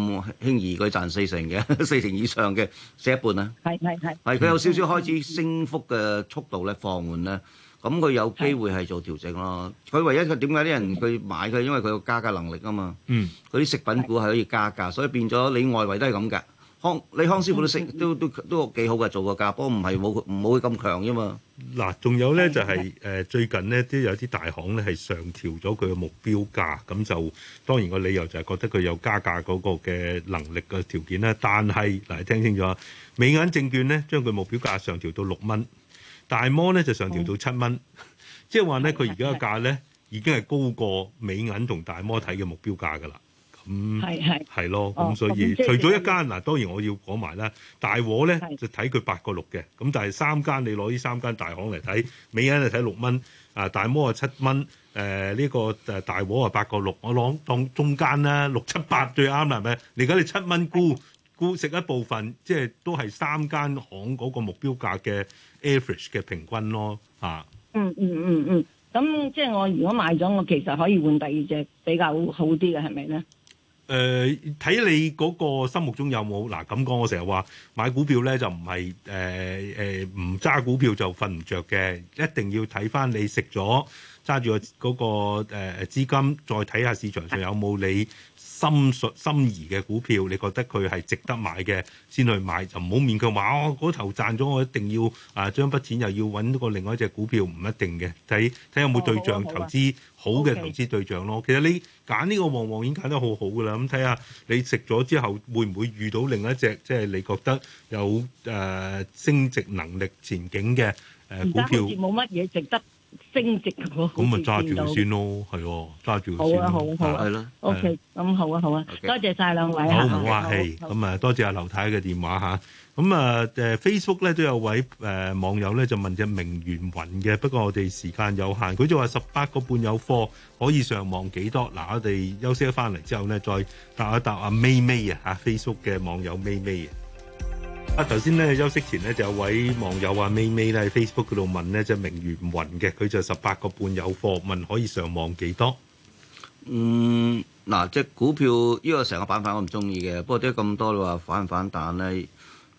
輕易佢賺四成嘅，四成以上嘅，蝕一半咧、啊。係係係。係佢是有少少開始升幅嘅速度咧放緩咧，咁佢有機會係做調整咯。佢是唯一佢點解啲人佢買佢，因為佢有加價能力啊嘛。嗯是。佢啲食品股係可以加價，是所以變咗你外圍都係咁㗎。李康師傅都識，都都都幾好嘅，做個價，不過唔係冇唔冇咁強啫嘛。嗱，仲有咧就係誒，最近呢，都有啲大行咧係上調咗佢嘅目標價，咁就當然個理由就係覺得佢有加價嗰個嘅能力嘅條件啦。但係嗱，你聽清楚啊，美銀證券咧將佢目標價上調到六蚊，大摩咧就上調到七蚊，即係話咧佢而家嘅價咧已經係高過美銀同大摩睇嘅目標價噶啦。嗯，係係係咯，咁、哦嗯、所以除咗一間嗱，當然我要講埋啦，大和咧就睇佢八個六嘅，咁但係三間你攞呢三間大行嚟睇，美銀就睇六蚊，啊大摩、呃、大 6, 啊七蚊，誒呢個誒大和啊八個六，我攞諗當中間啦，六七八最啱啦，係咪？你而家你七蚊沽？沽食一部分，即、就、係、是、都係三間行嗰個目標價嘅 average 嘅平均咯，吓、啊嗯？嗯嗯嗯嗯，咁、嗯、即係我如果買咗，我其實可以換第二隻比較好啲嘅，係咪咧？誒睇、呃、你嗰個心目中有冇嗱，咁、啊、講我成日話買股票咧就唔係誒誒唔揸股票就瞓唔着嘅，一定要睇翻你食咗揸住個嗰個誒資金，再睇下市場上有冇你心水心儀嘅股票，你覺得佢係值得買嘅先去買，就唔好勉強話我嗰頭賺咗，我一定要啊將筆錢又要揾個另外一隻股票，唔一定嘅，睇睇有冇對象、哦啊啊啊、投資好嘅投資對象咯。Okay. 其實你揀呢個旺旺已經揀得好好噶啦，咁睇下你食咗之後會唔會遇到另一隻，即、就、係、是、你覺得有誒、呃、升值能力前景嘅誒、呃、股票。而家好似冇乜嘢值得升值咁咪揸住佢先咯，係哦、啊，揸住佢先好，係咯。OK，咁好啊，好啊，多謝晒兩位好唔好客、啊、氣，咁啊多謝阿劉太嘅電話吓，咁啊誒、uh, Facebook 咧都有位誒、uh, 網友咧就問隻明源雲嘅，不過我哋時間有限，佢就話十八個半有貨，可以上網幾多？嗱我哋休息翻嚟之後咧再答一答阿 MayMay 啊吓，Facebook 嘅網友 MayMay 啊。啊，頭先咧休息前咧就有位網友話，美美咧喺 Facebook 嗰度問咧隻明源雲嘅，佢就十八個半有貨，問可以上望幾多？嗯，嗱，隻股票呢個成個板塊我唔中意嘅，不過啲咁多嘅話反唔反彈咧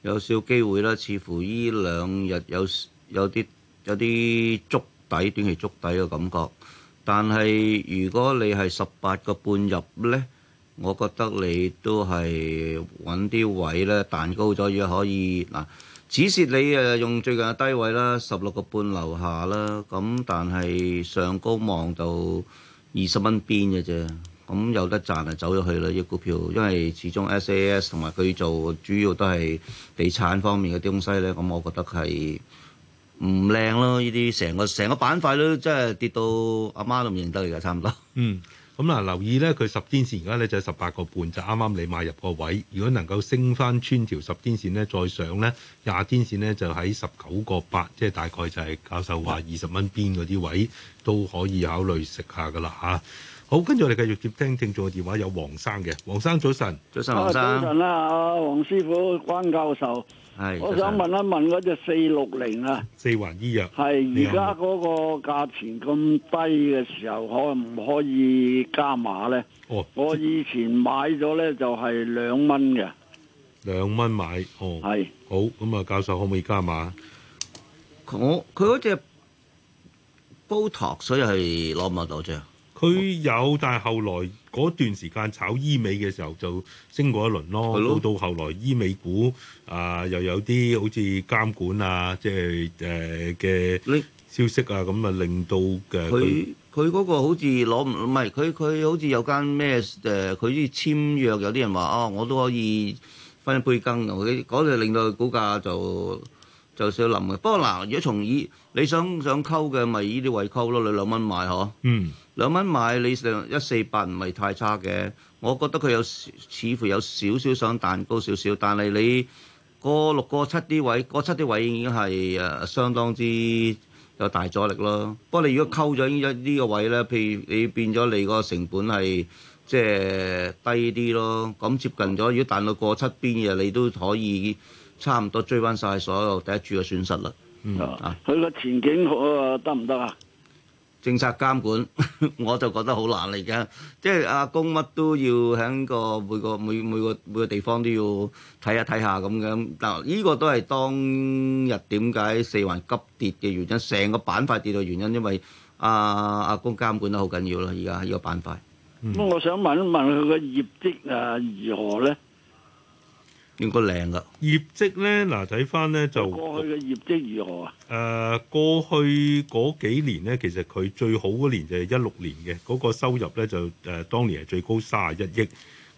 有少機會啦，似乎依兩日有有啲有啲觸底，短期觸底嘅感覺。但係如果你係十八個半入咧。我覺得你都係揾啲位咧彈高咗，要可以嗱，只是你誒、啊、用最近嘅低位啦，十六個半樓下啦，咁但係上高望到二十蚊邊嘅啫，咁有得賺啊走咗去啦啲股票，因為始終 SAS 同埋佢做主要都係地產方面嘅東西咧，咁我覺得係唔靚咯，呢啲成個成個板塊都即係跌到阿媽都唔認得你，而家差唔多。嗯。咁嗱、嗯，留意咧，佢十天線而家咧就係十八個半，就啱啱你買入個位。如果能夠升翻穿條十天線咧，再上咧，廿天線咧就喺十九個八，即係大概就係教授話二十蚊邊嗰啲位都可以考慮食下噶啦吓，好，跟住我哋繼續接聽聽眾嘅電話有黃生嘅，黃生早晨，早晨黃生。早晨啦，黃師傅，關教授。我想問一問嗰隻四六零啊，四環醫藥係而家嗰個價錢咁低嘅時候，可唔可以加碼咧？哦，我以前買咗咧就係兩蚊嘅，兩蚊買。哦，係好咁啊，教授可唔可以加碼？我佢嗰隻煲托水係攞唔攞到啫？佢有，但係後來嗰段時間炒醫美嘅時候就升過一輪咯。到的到後來醫美股啊、呃、又有啲好似監管啊，即係誒嘅消息啊，咁啊你令到嘅佢佢嗰個好似攞唔唔係佢佢好似有間咩誒，佢、呃、簽約有啲人話啊，我都可以分一杯羹。」嗰啲令到股價就就少冧嘅。不過嗱，如果從醫你想想溝嘅咪呢啲位溝咯，你兩蚊買呵。嗯。兩蚊買你上一四八唔係太差嘅，我覺得佢有似乎有少少想彈高少少，但係你過六個七啲位，過七啲位已經係誒相當之有大阻力咯。不過你如果溝咗呢呢個位咧，譬如你變咗你個成本係即係低啲咯，咁接近咗，如果彈到過七邊嘅，你都可以差唔多追翻晒所有第一注嘅損失啦。嗯、啊，佢個前景得唔得啊？政策監管， 我就覺得好難啦，而家，即係阿公乜都要喺個每個每每個每個地方都要睇下睇下咁樣。但呢個都係當日點解四環急跌嘅原因，成個板塊跌到原因，因為阿阿公監管得好緊要啦，而家呢個板塊。咁、嗯、我想問一問佢嘅業績啊，如何咧？應該靚噶，業績咧嗱睇翻咧就過去嘅業績如何啊？誒、呃，過去嗰幾年咧，其實佢最好嗰年就係一六年嘅，嗰個收入咧就誒、呃、當年係最高三啊一億。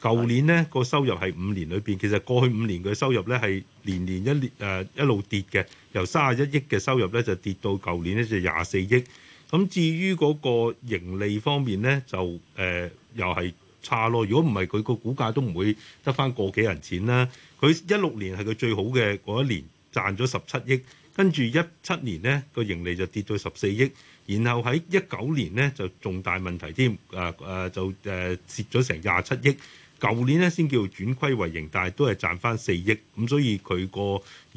舊年咧個收入係五年裏邊，其實過去五年嘅收入咧係年年一年誒、呃、一路跌嘅，由三啊一億嘅收入咧就跌到舊年咧就廿四億。咁至於嗰個盈利方面咧，就誒、呃、又係。查咯！如果唔係佢個股價都唔會得翻個幾人錢啦。佢一六年係佢最好嘅嗰一年，賺咗十七億，跟住一七年呢個盈利就跌咗十四億，然後喺一九年呢，就重大問題添，啊、呃、啊就誒蝕咗成廿七億。舊年咧先叫轉虧為盈，但係都係賺翻四億，咁所以佢個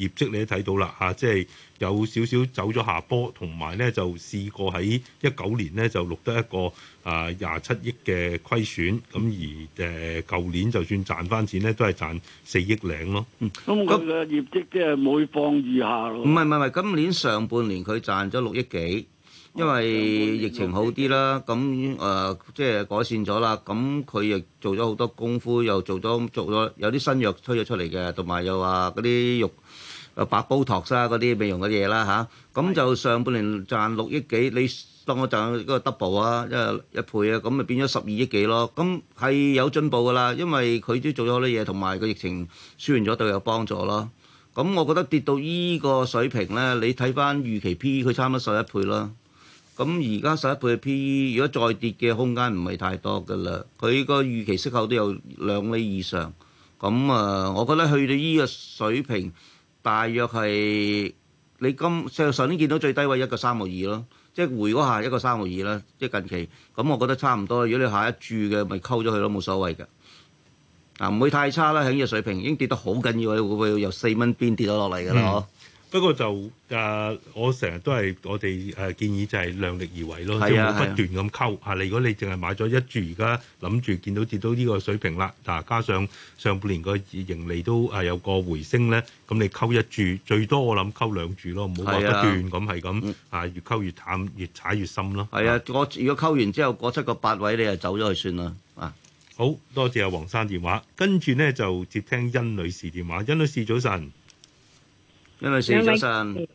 業績你都睇到啦，嚇、啊，即、就、係、是、有少少走咗下坡，同埋咧就試過喺一九年咧就錄得一個啊廿七億嘅虧損，咁而誒舊年就算賺翻錢咧都係賺四億零咯。咁、嗯、個業績即係每況愈下咯。唔係唔係唔係，今年上半年佢賺咗六億幾。因為疫情好啲啦，咁誒即係改善咗啦。咁佢亦做咗好多功夫，又做咗做咗有啲新藥推咗出嚟嘅，同埋又話嗰啲肉白煲托沙嗰啲美容嘅嘢啦嚇。咁、啊、就上半年賺六億幾，你當我賺嗰個 double 啊，即係一倍啊，咁咪變咗十二億幾咯。咁、嗯、係有進步㗎啦，因為佢都做咗好多嘢，同埋個疫情輸完咗對佢有幫助咯。咁、嗯、我覺得跌到依個水平咧，你睇翻預期 P，佢差唔多十一倍咯。咁而家十一倍嘅 P/E，如果再跌嘅空間唔係太多㗎啦，佢個預期息口都有兩厘以上。咁啊，我覺得去到依個水平，大約係你今上上年見到最低位 2, 一個三毫二咯，即係回嗰下一個三毫二啦。即係近期，咁我覺得差唔多。如果你下一注嘅，咪溝咗佢咯，冇所謂嘅。嗱、啊，唔會太差啦，喺呢個水平已經跌得好緊要，你會唔會由四蚊邊跌咗落嚟㗎啦，嗯不過就誒、啊，我成日都係我哋誒建議就係量力而為咯，即係唔好不斷咁溝嚇、啊、如果你淨係買咗一注，而家諗住見到跌到呢個水平啦，嗱，加上上半年個盈利都誒有個回升咧，咁你溝一注最多我諗溝兩注咯，唔好話不斷咁係咁嚇，越、啊啊、溝越淡，越踩越深咯。係啊，我如果溝完之後嗰七個八位，你就走咗去算啦。啊，好多謝阿黃生電話，跟住呢就接聽殷女士電話。殷女士早晨。兩位早晨，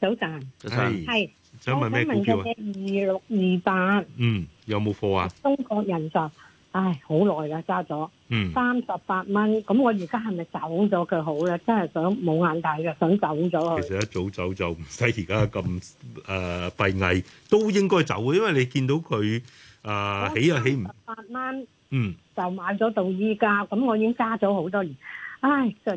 早晨，早晨係，我睇民建嘅二六二八，嗯，有冇貨啊？中國人壽，唉，好耐嘅揸咗，嗯，三十八蚊，咁我而家係咪走咗佢好咧？真係想冇眼睇嘅，想走咗佢。其實一早走就唔使而家咁誒閉翳，都應該走嘅，因為你見到佢誒起又起唔八蚊，嗯，就買咗到依家，咁我已經揸咗好多年，唉，就。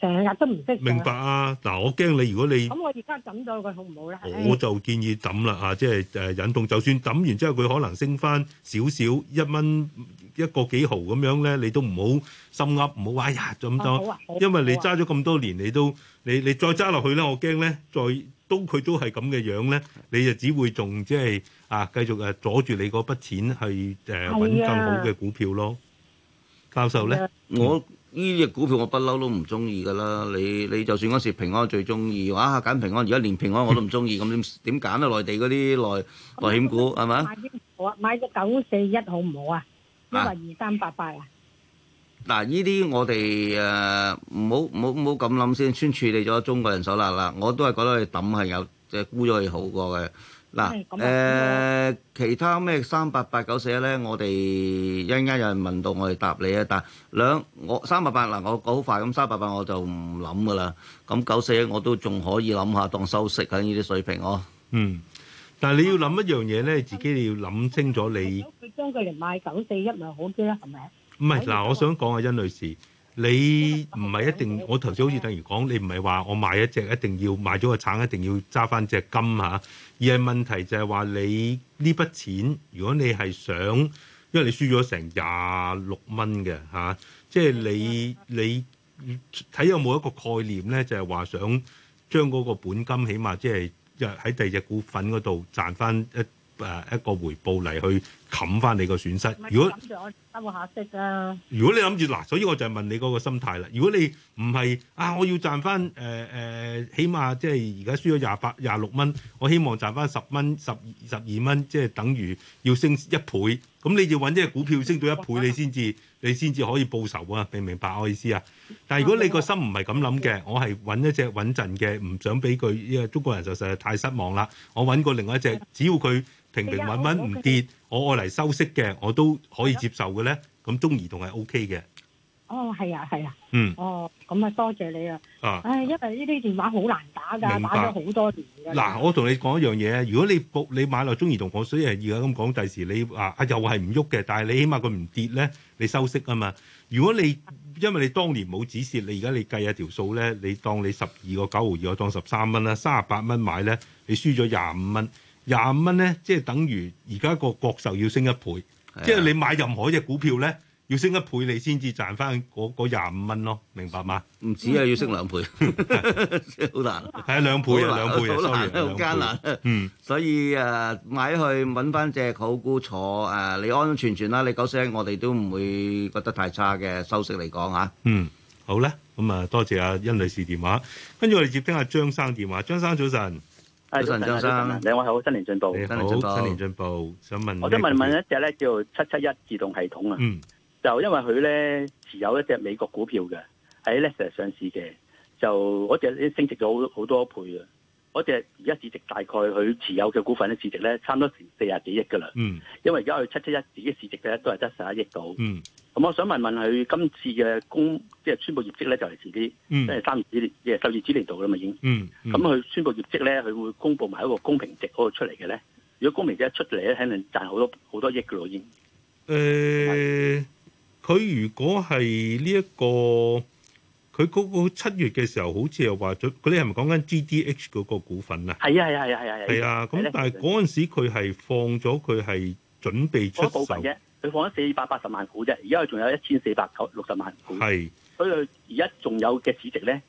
成日都唔識，明白啊！嗱，我驚你，如果你咁，我而家抌咗佢好唔好咧？我就建議抌啦嚇，即係誒忍痛。就算抌完之後，佢可能升翻少少一蚊一個幾毫咁樣咧，你都唔好心噏，唔好話哎呀咁多，因為你揸咗咁多年，你都你你再揸落去咧，我驚咧再都佢都係咁嘅樣咧，你就只會仲即係啊繼續誒阻住你嗰筆錢去誒揾更好嘅股票咯。教授咧，我。呢隻股票我不嬲都唔中意噶啦，你你就算嗰時平安最中意，哇揀平安，而家連平安我都唔中意，咁點點揀啊？內地嗰啲內內險股係咪？買啲隻九四一好唔好啊？因為二三八八啊？嗱，呢啲我哋誒，唔好唔好唔好咁諗先，先處理咗中國人壽啦啦，我都係覺得佢抌係有即係沽咗佢好過嘅。嗱，誒其他咩三八八九四一咧？我哋一陣間有人問到，我哋答你啊。但兩我三八八嗱，我好快咁三八八我就唔諗噶啦。咁九四一我都仲可以諗下當收息喺呢啲水平哦。嗯，但係你要諗一樣嘢咧，自己要諗清楚你。將佢嚟買九四一咪好啲咯？係咪？唔係嗱，我想講啊，甄女士，你唔係一定我頭先好似等於講，你唔係話我買一隻一定要買咗個橙，一定要揸翻隻金嚇。而係問題就係話你呢筆錢，如果你係想，因為你輸咗成廿六蚊嘅嚇，即、啊、係、就係、你你睇有冇一個概念咧，就係、係、話想將嗰個本金，起碼即係喺第二隻股份嗰度賺翻。誒一個回報嚟去冚翻你個損失。如果諗住我，我下色啊！如果你諗住嗱，所以我就問你嗰個心態啦。如果你唔係啊，我要賺翻誒誒，起碼即係而家輸咗廿八廿六蚊，我希望賺翻十蚊十十二蚊，即係、就是、等於要升一倍。咁你要揾一隻股票升到一倍，你 你，你先至你先至可以報仇啊？明唔明白我意思啊？但係如果你個心唔係咁諗嘅，我係揾一隻穩陣嘅，唔想俾佢因為中國人就實在太失望啦。我揾過另外一隻，只要佢 平平穩穩唔跌，我愛嚟收息嘅，我都可以接受嘅咧。咁中移動係 O K 嘅。哦，係啊，係啊。嗯。哦，咁啊，哎、白多謝、啊、你啊。啊。唉，因為呢啲電話好難打㗎，打咗好多年。嗱，我同你講一樣嘢。如果你你買落中移動，我所以係而家咁講，第時你啊，又係唔喐嘅，但係你起碼佢唔跌咧，你收息啊嘛。如果你因為你當年冇止蝕，你而家你計下條數咧，你當你十二個九毫二，我當十三蚊啦，三十八蚊買咧，你輸咗廿五蚊。廿五蚊咧，即係等於而家個國壽要升一倍，即係你買任何一隻股票咧，要升一倍你先至賺翻嗰嗰廿五蚊咯，明白嘛？唔止啊，要升兩倍，好難。係啊，兩倍啊，兩倍啊，好艱難。嗯。所以啊，買去揾翻隻好股坐誒，你安安全全啦。你九成我哋都唔會覺得太差嘅收息嚟講嚇。嗯，好啦。咁啊，多謝啊殷女士電話，跟住我哋接聽阿張生電話。張生早晨。啊、早晨、張生，兩位好，新年進步。你好，新年進步。好進步想問，我想問問一隻咧叫七七一自動系統啊。嗯，就因為佢咧持有一隻美國股票嘅喺納斯達克上市嘅，就嗰隻、那個、升值咗好好多倍啦。嗰隻而家市值大概佢持有嘅股份嘅市值咧，差唔多成四廿幾億噶啦。嗯，因為而家佢七七一自己市值咧，都係得十一億度。嗯，咁我想問問佢今次嘅公，即係宣布業績咧，就係自己，即係三月之，即係十二指之度啦嘛已經。嗯，咁佢宣布業績咧，佢會公布埋一個公平值嗰個出嚟嘅咧。如果公平值一出嚟咧，肯定賺好多好多億嘅咯已經。誒、欸，佢是如果係呢一個？佢嗰個七月嘅時候好，好似又話咗，佢你係咪講緊 GDH 嗰個股份啊？係啊係啊係啊係啊係啊咁，但係嗰陣時佢係放咗佢係準備出一部分啫，佢放咗四百八十萬股啫，而家佢仲有一千四百九六十萬股。係是，所以而家仲有嘅市值咧，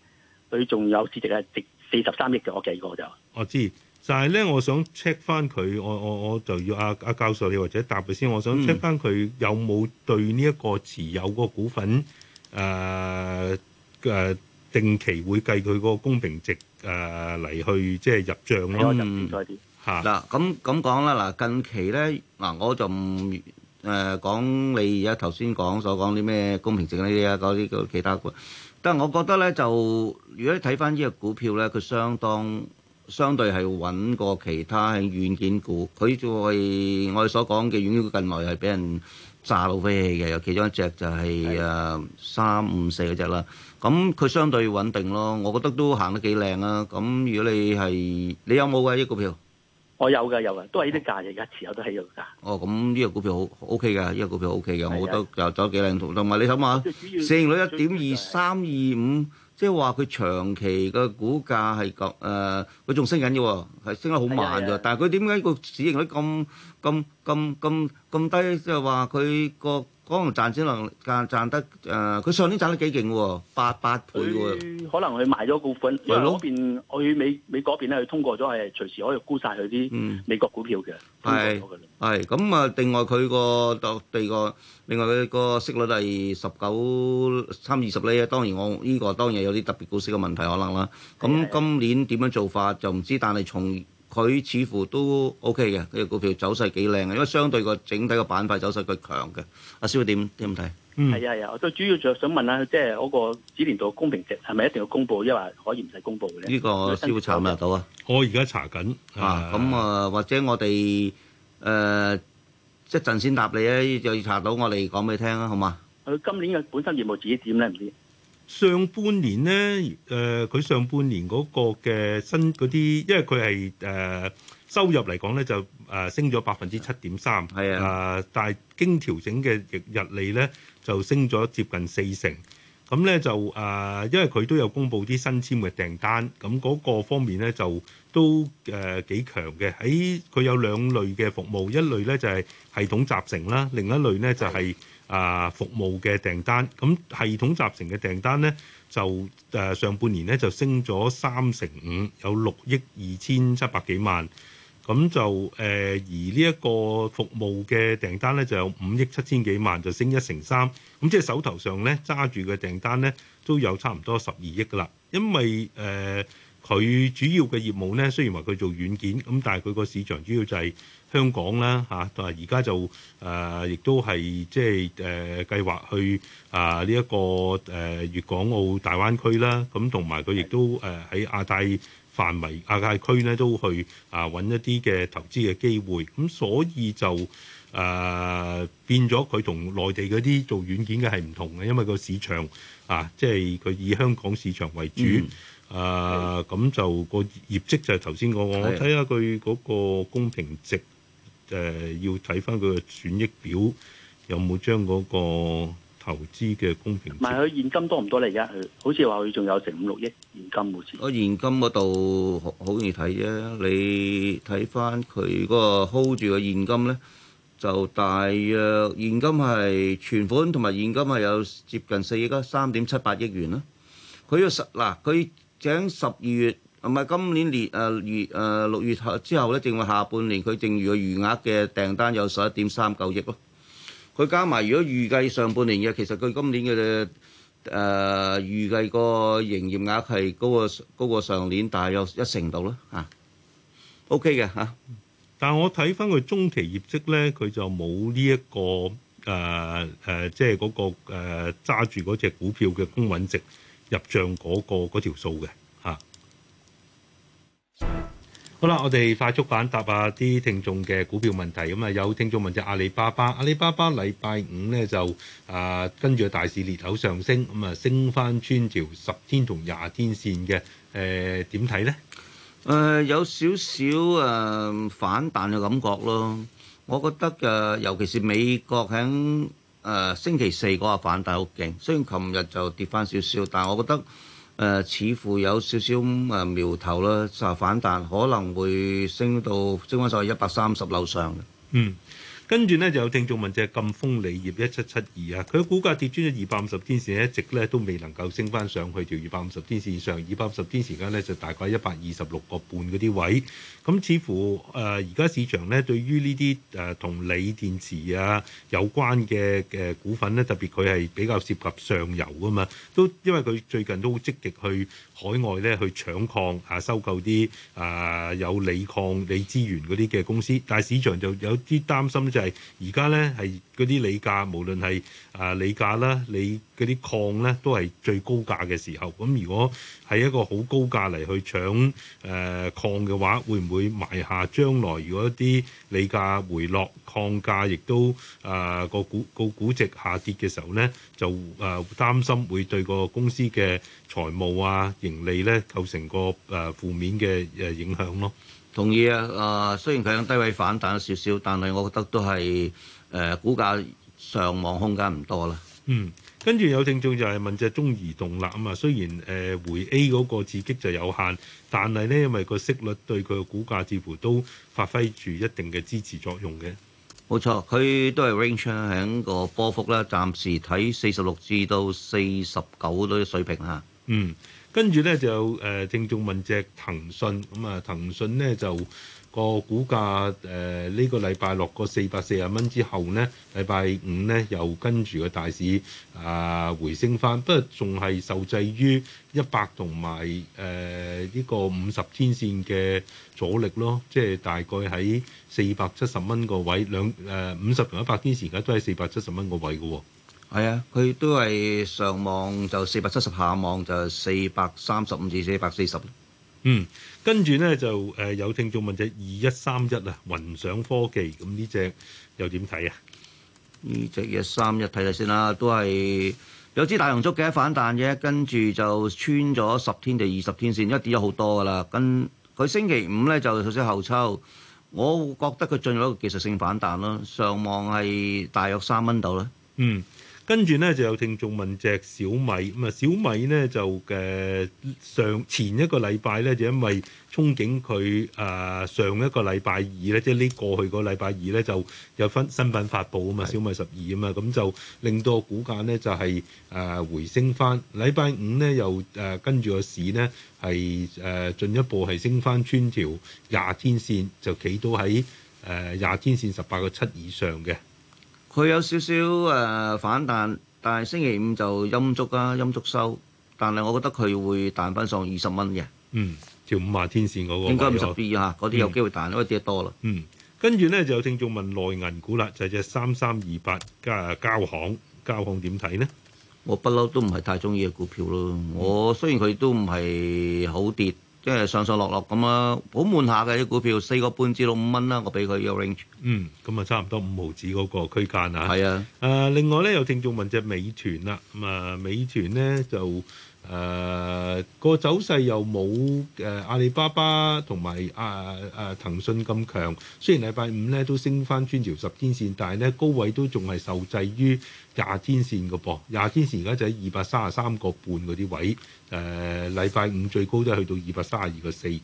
佢仲有市值係值四十三億嘅，我記過就。我知，但係咧，我想 check 翻佢，我我我就要阿阿教授你或者答佢先，我想 check 翻佢有冇對呢一個持有個股份誒？嗯嗯誒、呃、定期會計佢嗰個公平值誒嚟、呃、去即係入帳咯，再再啲嚇。嗱咁咁講啦，嗱、嗯、近期咧嗱、啊、我就唔誒、呃、講你而家頭先講所講啲咩公平值呢啲啊嗰啲嗰其他股，但係我覺得咧就如果你睇翻呢個股票咧，佢相當相對係揾過其他係軟件股，佢就係我哋所講嘅軟件股近來係俾人，炸到飛起嘅，有其中一隻就係、是、誒的、啊、三五四嗰隻啦。咁佢相對穩定咯，我覺得都行得幾靚啊。咁如果你係你有冇㗎一個股票？我有㗎，有㗎，都係呢啲價嘅，而家持有都係呢個價。哦，咁呢隻股票好 OK 㗎，呢隻股票 OK 㗎，我覺得又走幾靚圖。同埋你諗下，市盈率一點二三二五。即係話佢長期嘅股價係降，誒、呃，佢仲升緊嘅喎，係升得好慢啫。的但係佢點解個市盈率咁咁咁咁咁低？即係話佢個。可能賺錢能賺賺得誒，佢、呃、上年賺得幾勁喎，八八倍喎。可能佢賣咗股份，嗰的邊去美美嗰邊咧，佢通過咗係隨時可以沽晒佢啲美國股票嘅。係、嗯，係咁啊，另外佢個第個另外佢個息率係十九三二十厘。當然我，我、這、呢個當然有啲特別股息嘅問題可能啦。咁的今年點樣做法就唔知，但係從佢似乎都 OK 嘅，佢隻股票走勢幾靚嘅，因為相對個整體個板塊走勢佢強嘅。阿肖點點睇？嗯，係啊係啊，我最主要就想問下，即係嗰個指連度公平值係咪一定要公佈，抑或可以唔使公佈嘅咧？呢個肖查唔查到啊？我而家查緊啊，咁啊，或者我哋誒一陣先答你啊，就要查到我哋講俾你聽啊，好嘛？佢今年嘅本身業務自己點咧唔知。上半年呢，誒、呃、佢上半年嗰個嘅新嗰啲，因為佢係誒收入嚟講呢，就誒、呃、升咗百分之七點三，係啊 Yes.、呃，但係經調整嘅日利呢，就升咗接近四成。咁、嗯、呢，就誒、呃、因為佢都有公布啲新簽嘅訂單，咁嗰個方面呢，就都誒幾強嘅。喺、呃、佢有兩類嘅服務，一類呢，就係、是、系統集成啦，另一類呢，就係、是。Yes. 啊，服務嘅訂單，咁系統集成嘅訂單呢，就誒上半年呢就升咗三成五，有六億二千七百幾萬，咁就誒、呃、而呢一個服務嘅訂單呢，就有五億七千幾萬，就升一成三，咁即係手頭上呢揸住嘅訂單呢，都有差唔多十二億噶啦，因為誒佢、呃、主要嘅業務呢，雖然話佢做軟件，咁但係佢個市場主要就係、是。香港啦嚇，但係而家就誒亦、呃、都係即係誒、呃、計劃去啊呢一個誒粵、呃、港澳大灣、啊呃、區啦，咁同埋佢亦都誒喺亞太範圍亞太區咧都去啊揾一啲嘅投資嘅機會，咁所以就誒、呃、變咗佢同內地嗰啲做軟件嘅係唔同嘅，因為個市場啊即係佢以香港市場為主、嗯、啊，咁就個業績就係頭先講，我睇下佢嗰個公平值。誒要睇翻佢嘅損益表有冇將嗰個投資嘅公平？唔係佢現金多唔多咧？而家好似話佢仲有成五六億現金好似。我現金嗰度好容易睇啫，你睇翻佢嗰個 hold 住嘅現金咧，就大約現金係存款同埋現金係有接近四億加三點七八億元啦。佢要十嗱佢整十二月。唔係今年年誒月誒六月後之後咧，正話下半年佢剩餘嘅餘額嘅訂單有十一點三九億咯。佢加埋如果預計上半年嘅，其實佢今年嘅誒預計個營業額係高過高過上年，大約有一成度啦嚇。O K 嘅嚇。但係我睇返佢中期業績咧，佢就冇呢一個誒誒，即係嗰個誒揸住嗰隻股票嘅公允值入帳嗰個嗰條數嘅。好啦，我哋快速反答下啲聽眾嘅股票問題。咁、嗯、啊，有聽眾問就阿里巴巴，阿里巴巴禮拜五呢就啊、呃、跟住大市裂口上升，咁、嗯、啊升翻穿條十天同廿天線嘅，誒點睇呢？誒、呃，有少少誒、呃、反彈嘅感覺咯。我覺得誒、呃，尤其是美國喺誒、呃、星期四嗰日反彈好勁，雖然琴日就跌翻少少，但係我覺得。呃、似乎有少少、呃、苗頭啦，就反彈可能會升到升翻上去一百三十樓上。嗯。跟住呢，就有聽眾問就係贛鋒鋰業一七七二啊，佢股價跌穿咗二百五十天線，一直咧都未能夠升返上去條二百五十天線上，二百五十天時間呢，就大概一百二十六個半嗰啲位。咁似乎誒而家市場呢，對於呢啲誒同鋰電池啊有關嘅嘅、呃、股份呢，特別佢係比較涉及上游噶嘛，都因為佢最近都好積極去海外咧去搶礦啊，收購啲啊有鋰礦鋰資源嗰啲嘅公司，但係市場就有啲擔心、就係係而家咧係嗰啲理價，無論係啊、呃、理價啦，理嗰啲礦咧，都係最高價嘅時候。咁如果喺一個好高價嚟去搶誒、呃、礦嘅話，會唔會埋下將來如果啲理價回落，礦價亦都啊、呃、個股個估值下跌嘅時候咧，就啊擔心會對個公司嘅財務啊盈利咧構成個誒、呃、負面嘅誒影響咯。同意啊！啊、呃，雖然佢喺低位反彈咗少少，但係我覺得都係誒、呃、股價上網空間唔多啦。嗯，跟住有聽眾就係問隻中移動啦咁啊嘛，雖然誒、呃、回 A 嗰個刺激就有限，但係咧因為個息率對佢嘅股價似乎都發揮住一定嘅支持作用嘅。冇錯，佢都係 range 喺個波幅啦，暫時睇四十六至到四十九嗰啲水平啊。嗯。跟住咧就誒、呃、聽眾問隻騰訊咁啊、嗯，騰訊咧就個股價誒呢、呃這個禮拜落過四百四十蚊之後咧，禮拜五咧又跟住個大市啊、呃、回升返，不過仲係受制於一百同埋誒呢個五十天線嘅阻力咯，即係大概喺四百七十蚊個位，兩誒五十同一百天線而家都係四百七十蚊個位嘅喎。係啊，佢都係上望就四百七十，下望就四百三十五至四百四十。嗯，跟住咧就誒有聽眾問隻二一三一啊，31, 雲想科技咁呢隻又點睇啊？呢隻二一三一睇下先啦，都係有支大陽燭嘅反彈嘅。跟住就穿咗十天定二十天線，因為跌咗好多噶啦。跟佢星期五咧就首先後抽，我覺得佢進入一個技術性反彈咯。上望係大約三蚊度啦。嗯。跟住咧就有聽眾問隻小米，咁啊小米咧就誒上、呃、前一個禮拜咧就因為憧憬佢啊、呃、上一個禮拜二咧，即係呢過去個禮拜二咧就有分新品發布啊嘛，小米十二啊嘛，咁就令到個股價咧就係、是、誒、呃、回升返。禮拜五咧又誒跟住個市咧係誒進一步係升返穿條廿天線，就企到喺誒廿天線十八個七以上嘅。佢有少少誒、呃、反彈，但係星期五就陰燭啦，陰燭收。但係我覺得佢會彈翻上二十蚊嘅。嗯，條五萬天線嗰個應該五十點二嗰啲有機會彈，因為跌得多啦。嗯，跟住咧就有聽眾問內銀股啦，就係隻三三二八加交行，交行點睇呢？我不嬲都唔係太中意嘅股票咯。嗯、我雖然佢都唔係好跌。即係上上落落咁啊，好悶下嘅啲股票，四個半至到五蚊啦，我俾佢 range。嗯，咁啊，差唔多五毫子嗰個區間啊。係啊，誒另外咧，有聽眾問隻美團啦，咁啊，美團咧就誒個、啊、走勢又冇誒、啊、阿里巴巴同埋啊啊騰訊咁強，雖然禮拜五咧都升翻穿條十天線，但係咧高位都仲係受制於。廿天線嘅噃，廿天線而家就喺二百三十三個半嗰啲位，誒禮拜五最高都係去到二百三十二個四。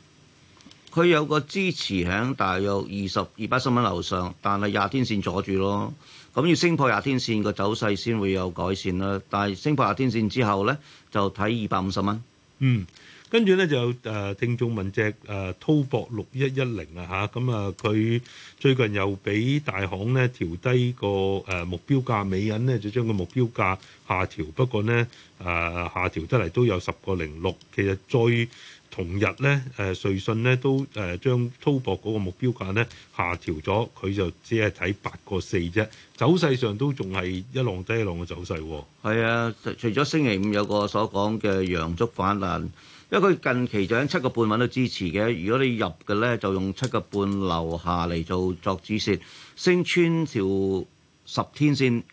佢有個支持喺大約二十二百十蚊樓上，但係廿天線阻住咯。咁要升破廿天線個走勢先會有改善啦。但係升破廿天線之後咧，就睇二百五十蚊。嗯。跟住咧就誒，聽眾問隻誒滔博六一一零啊嚇，咁啊佢最近又俾大行咧調低個誒目標價，美銀咧就將個目標價下調，不過呢，誒、啊、下調得嚟都有十個零六。其實在同日咧誒、啊、瑞信咧都誒將滔博嗰個目標價咧下調咗，佢就只係睇八個四啫。走勢上都仲係一浪低一浪嘅走勢喎、啊。係啊，除咗星期五有個所講嘅陽燭反彈。因為佢近期就喺七個半搵到支持嘅，如果你入嘅咧就用七個半樓下嚟做作止蝕，升穿條十天線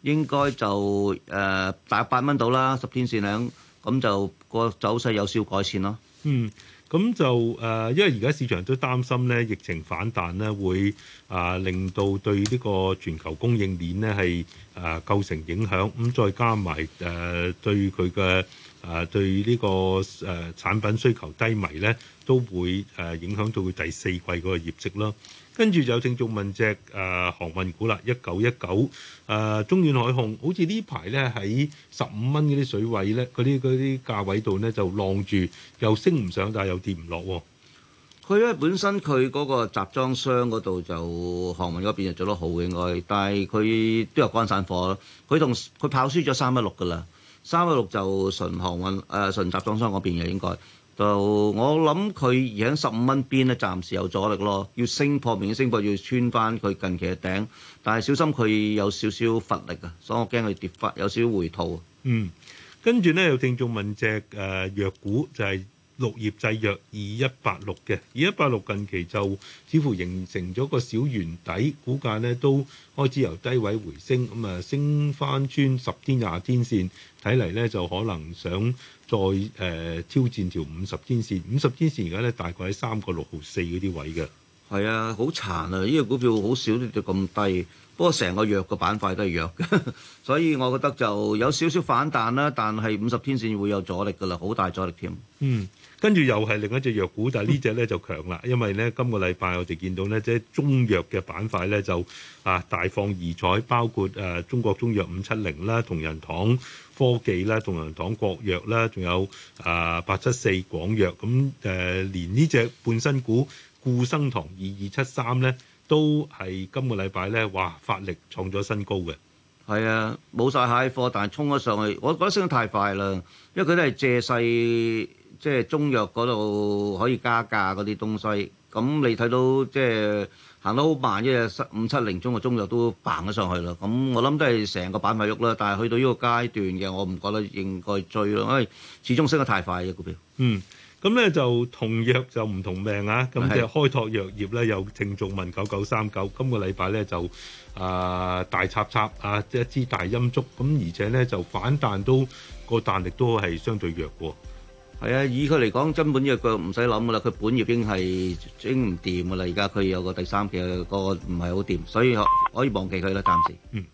應該就誒、呃、大八蚊到啦，十天線咁，咁就個走勢有少改善咯。嗯，咁就誒、呃，因為而家市場都擔心咧疫情反彈咧會啊、呃、令到對呢個全球供應鏈咧係啊構成影響，咁再加埋誒、呃、對佢嘅。啊，對呢、這個誒、啊、產品需求低迷咧，都會誒、啊、影響到佢第四季嗰個業績咯。跟住就有正逐問隻誒、啊、航運股啦，一九一九誒中遠海控，好似呢排咧喺十五蚊嗰啲水位咧，嗰啲嗰啲價位度咧就晾住，又升唔上，但係又跌唔落喎。佢因本身佢嗰個集裝箱嗰度就航運嗰邊就做得好嘅應該，但係佢都有乾散貨，佢同佢跑輸咗三一六㗎啦。三一六就純航運誒、呃、純集裝箱嗰邊嘅，應該就我諗佢而喺十五蚊邊咧，暫時有阻力咯，要升破，明顯升破要穿翻佢近期嘅頂，但係小心佢有少少乏力呀，所以我驚佢跌翻有少少回吐。嗯，跟住咧有聽眾問隻誒藥股就係、是。綠葉製藥二一八六嘅二一八六近期就似乎形成咗個小圓底，股價呢都開始由低位回升。咁啊，升翻穿十天、廿天線，睇嚟呢就可能想再誒、呃、挑戰條五十天線。五十天線而家呢大概喺三個六毫四嗰啲位嘅，係啊，好殘啊！呢、呢個股票好少跌到咁低。不過成個弱嘅板塊都係弱， 所以我覺得就有少少反彈啦。但係五十天線會有阻力㗎啦，好大阻力添。嗯。跟住又係另一隻藥股，但係呢隻呢就強啦，因為呢，今個禮拜我哋見到呢，即係中藥嘅板塊呢就啊大放異彩，包括誒、呃、中國中藥五七零啦、同仁堂科技啦、同仁堂國藥啦，仲有啊八七四廣藥，咁誒、呃、連呢隻半新股固生堂二二七三呢，都係今個禮拜呢，嘩發力創咗新高嘅。係啊，冇晒蟹貨，但係衝咗上去，我覺得升得太快啦，因為佢都係借勢。即係中藥嗰度可以加價嗰啲東西，咁你睇到即係行得好慢啫。五七零中嘅中藥都行咗上去啦。咁我諗都係成個板塊喐啦。但係去到呢個階段嘅，我唔覺得應該追咯，因、哎、為始終升得太快嘅股票。嗯，咁咧就同藥就唔同命啊。咁就開拓藥業咧，有聽眾問九九三九，今個禮拜咧就啊、呃、大插插啊，一支大陰燭咁，而且咧就反彈都個彈力都係相對弱喎。係啊，以佢嚟講，根本隻腳唔使諗㗎喇，佢本業已經係已經唔掂㗎喇，而家佢有個第三期嗰個唔係好掂，所以可以忘記佢喇，暫時。嗯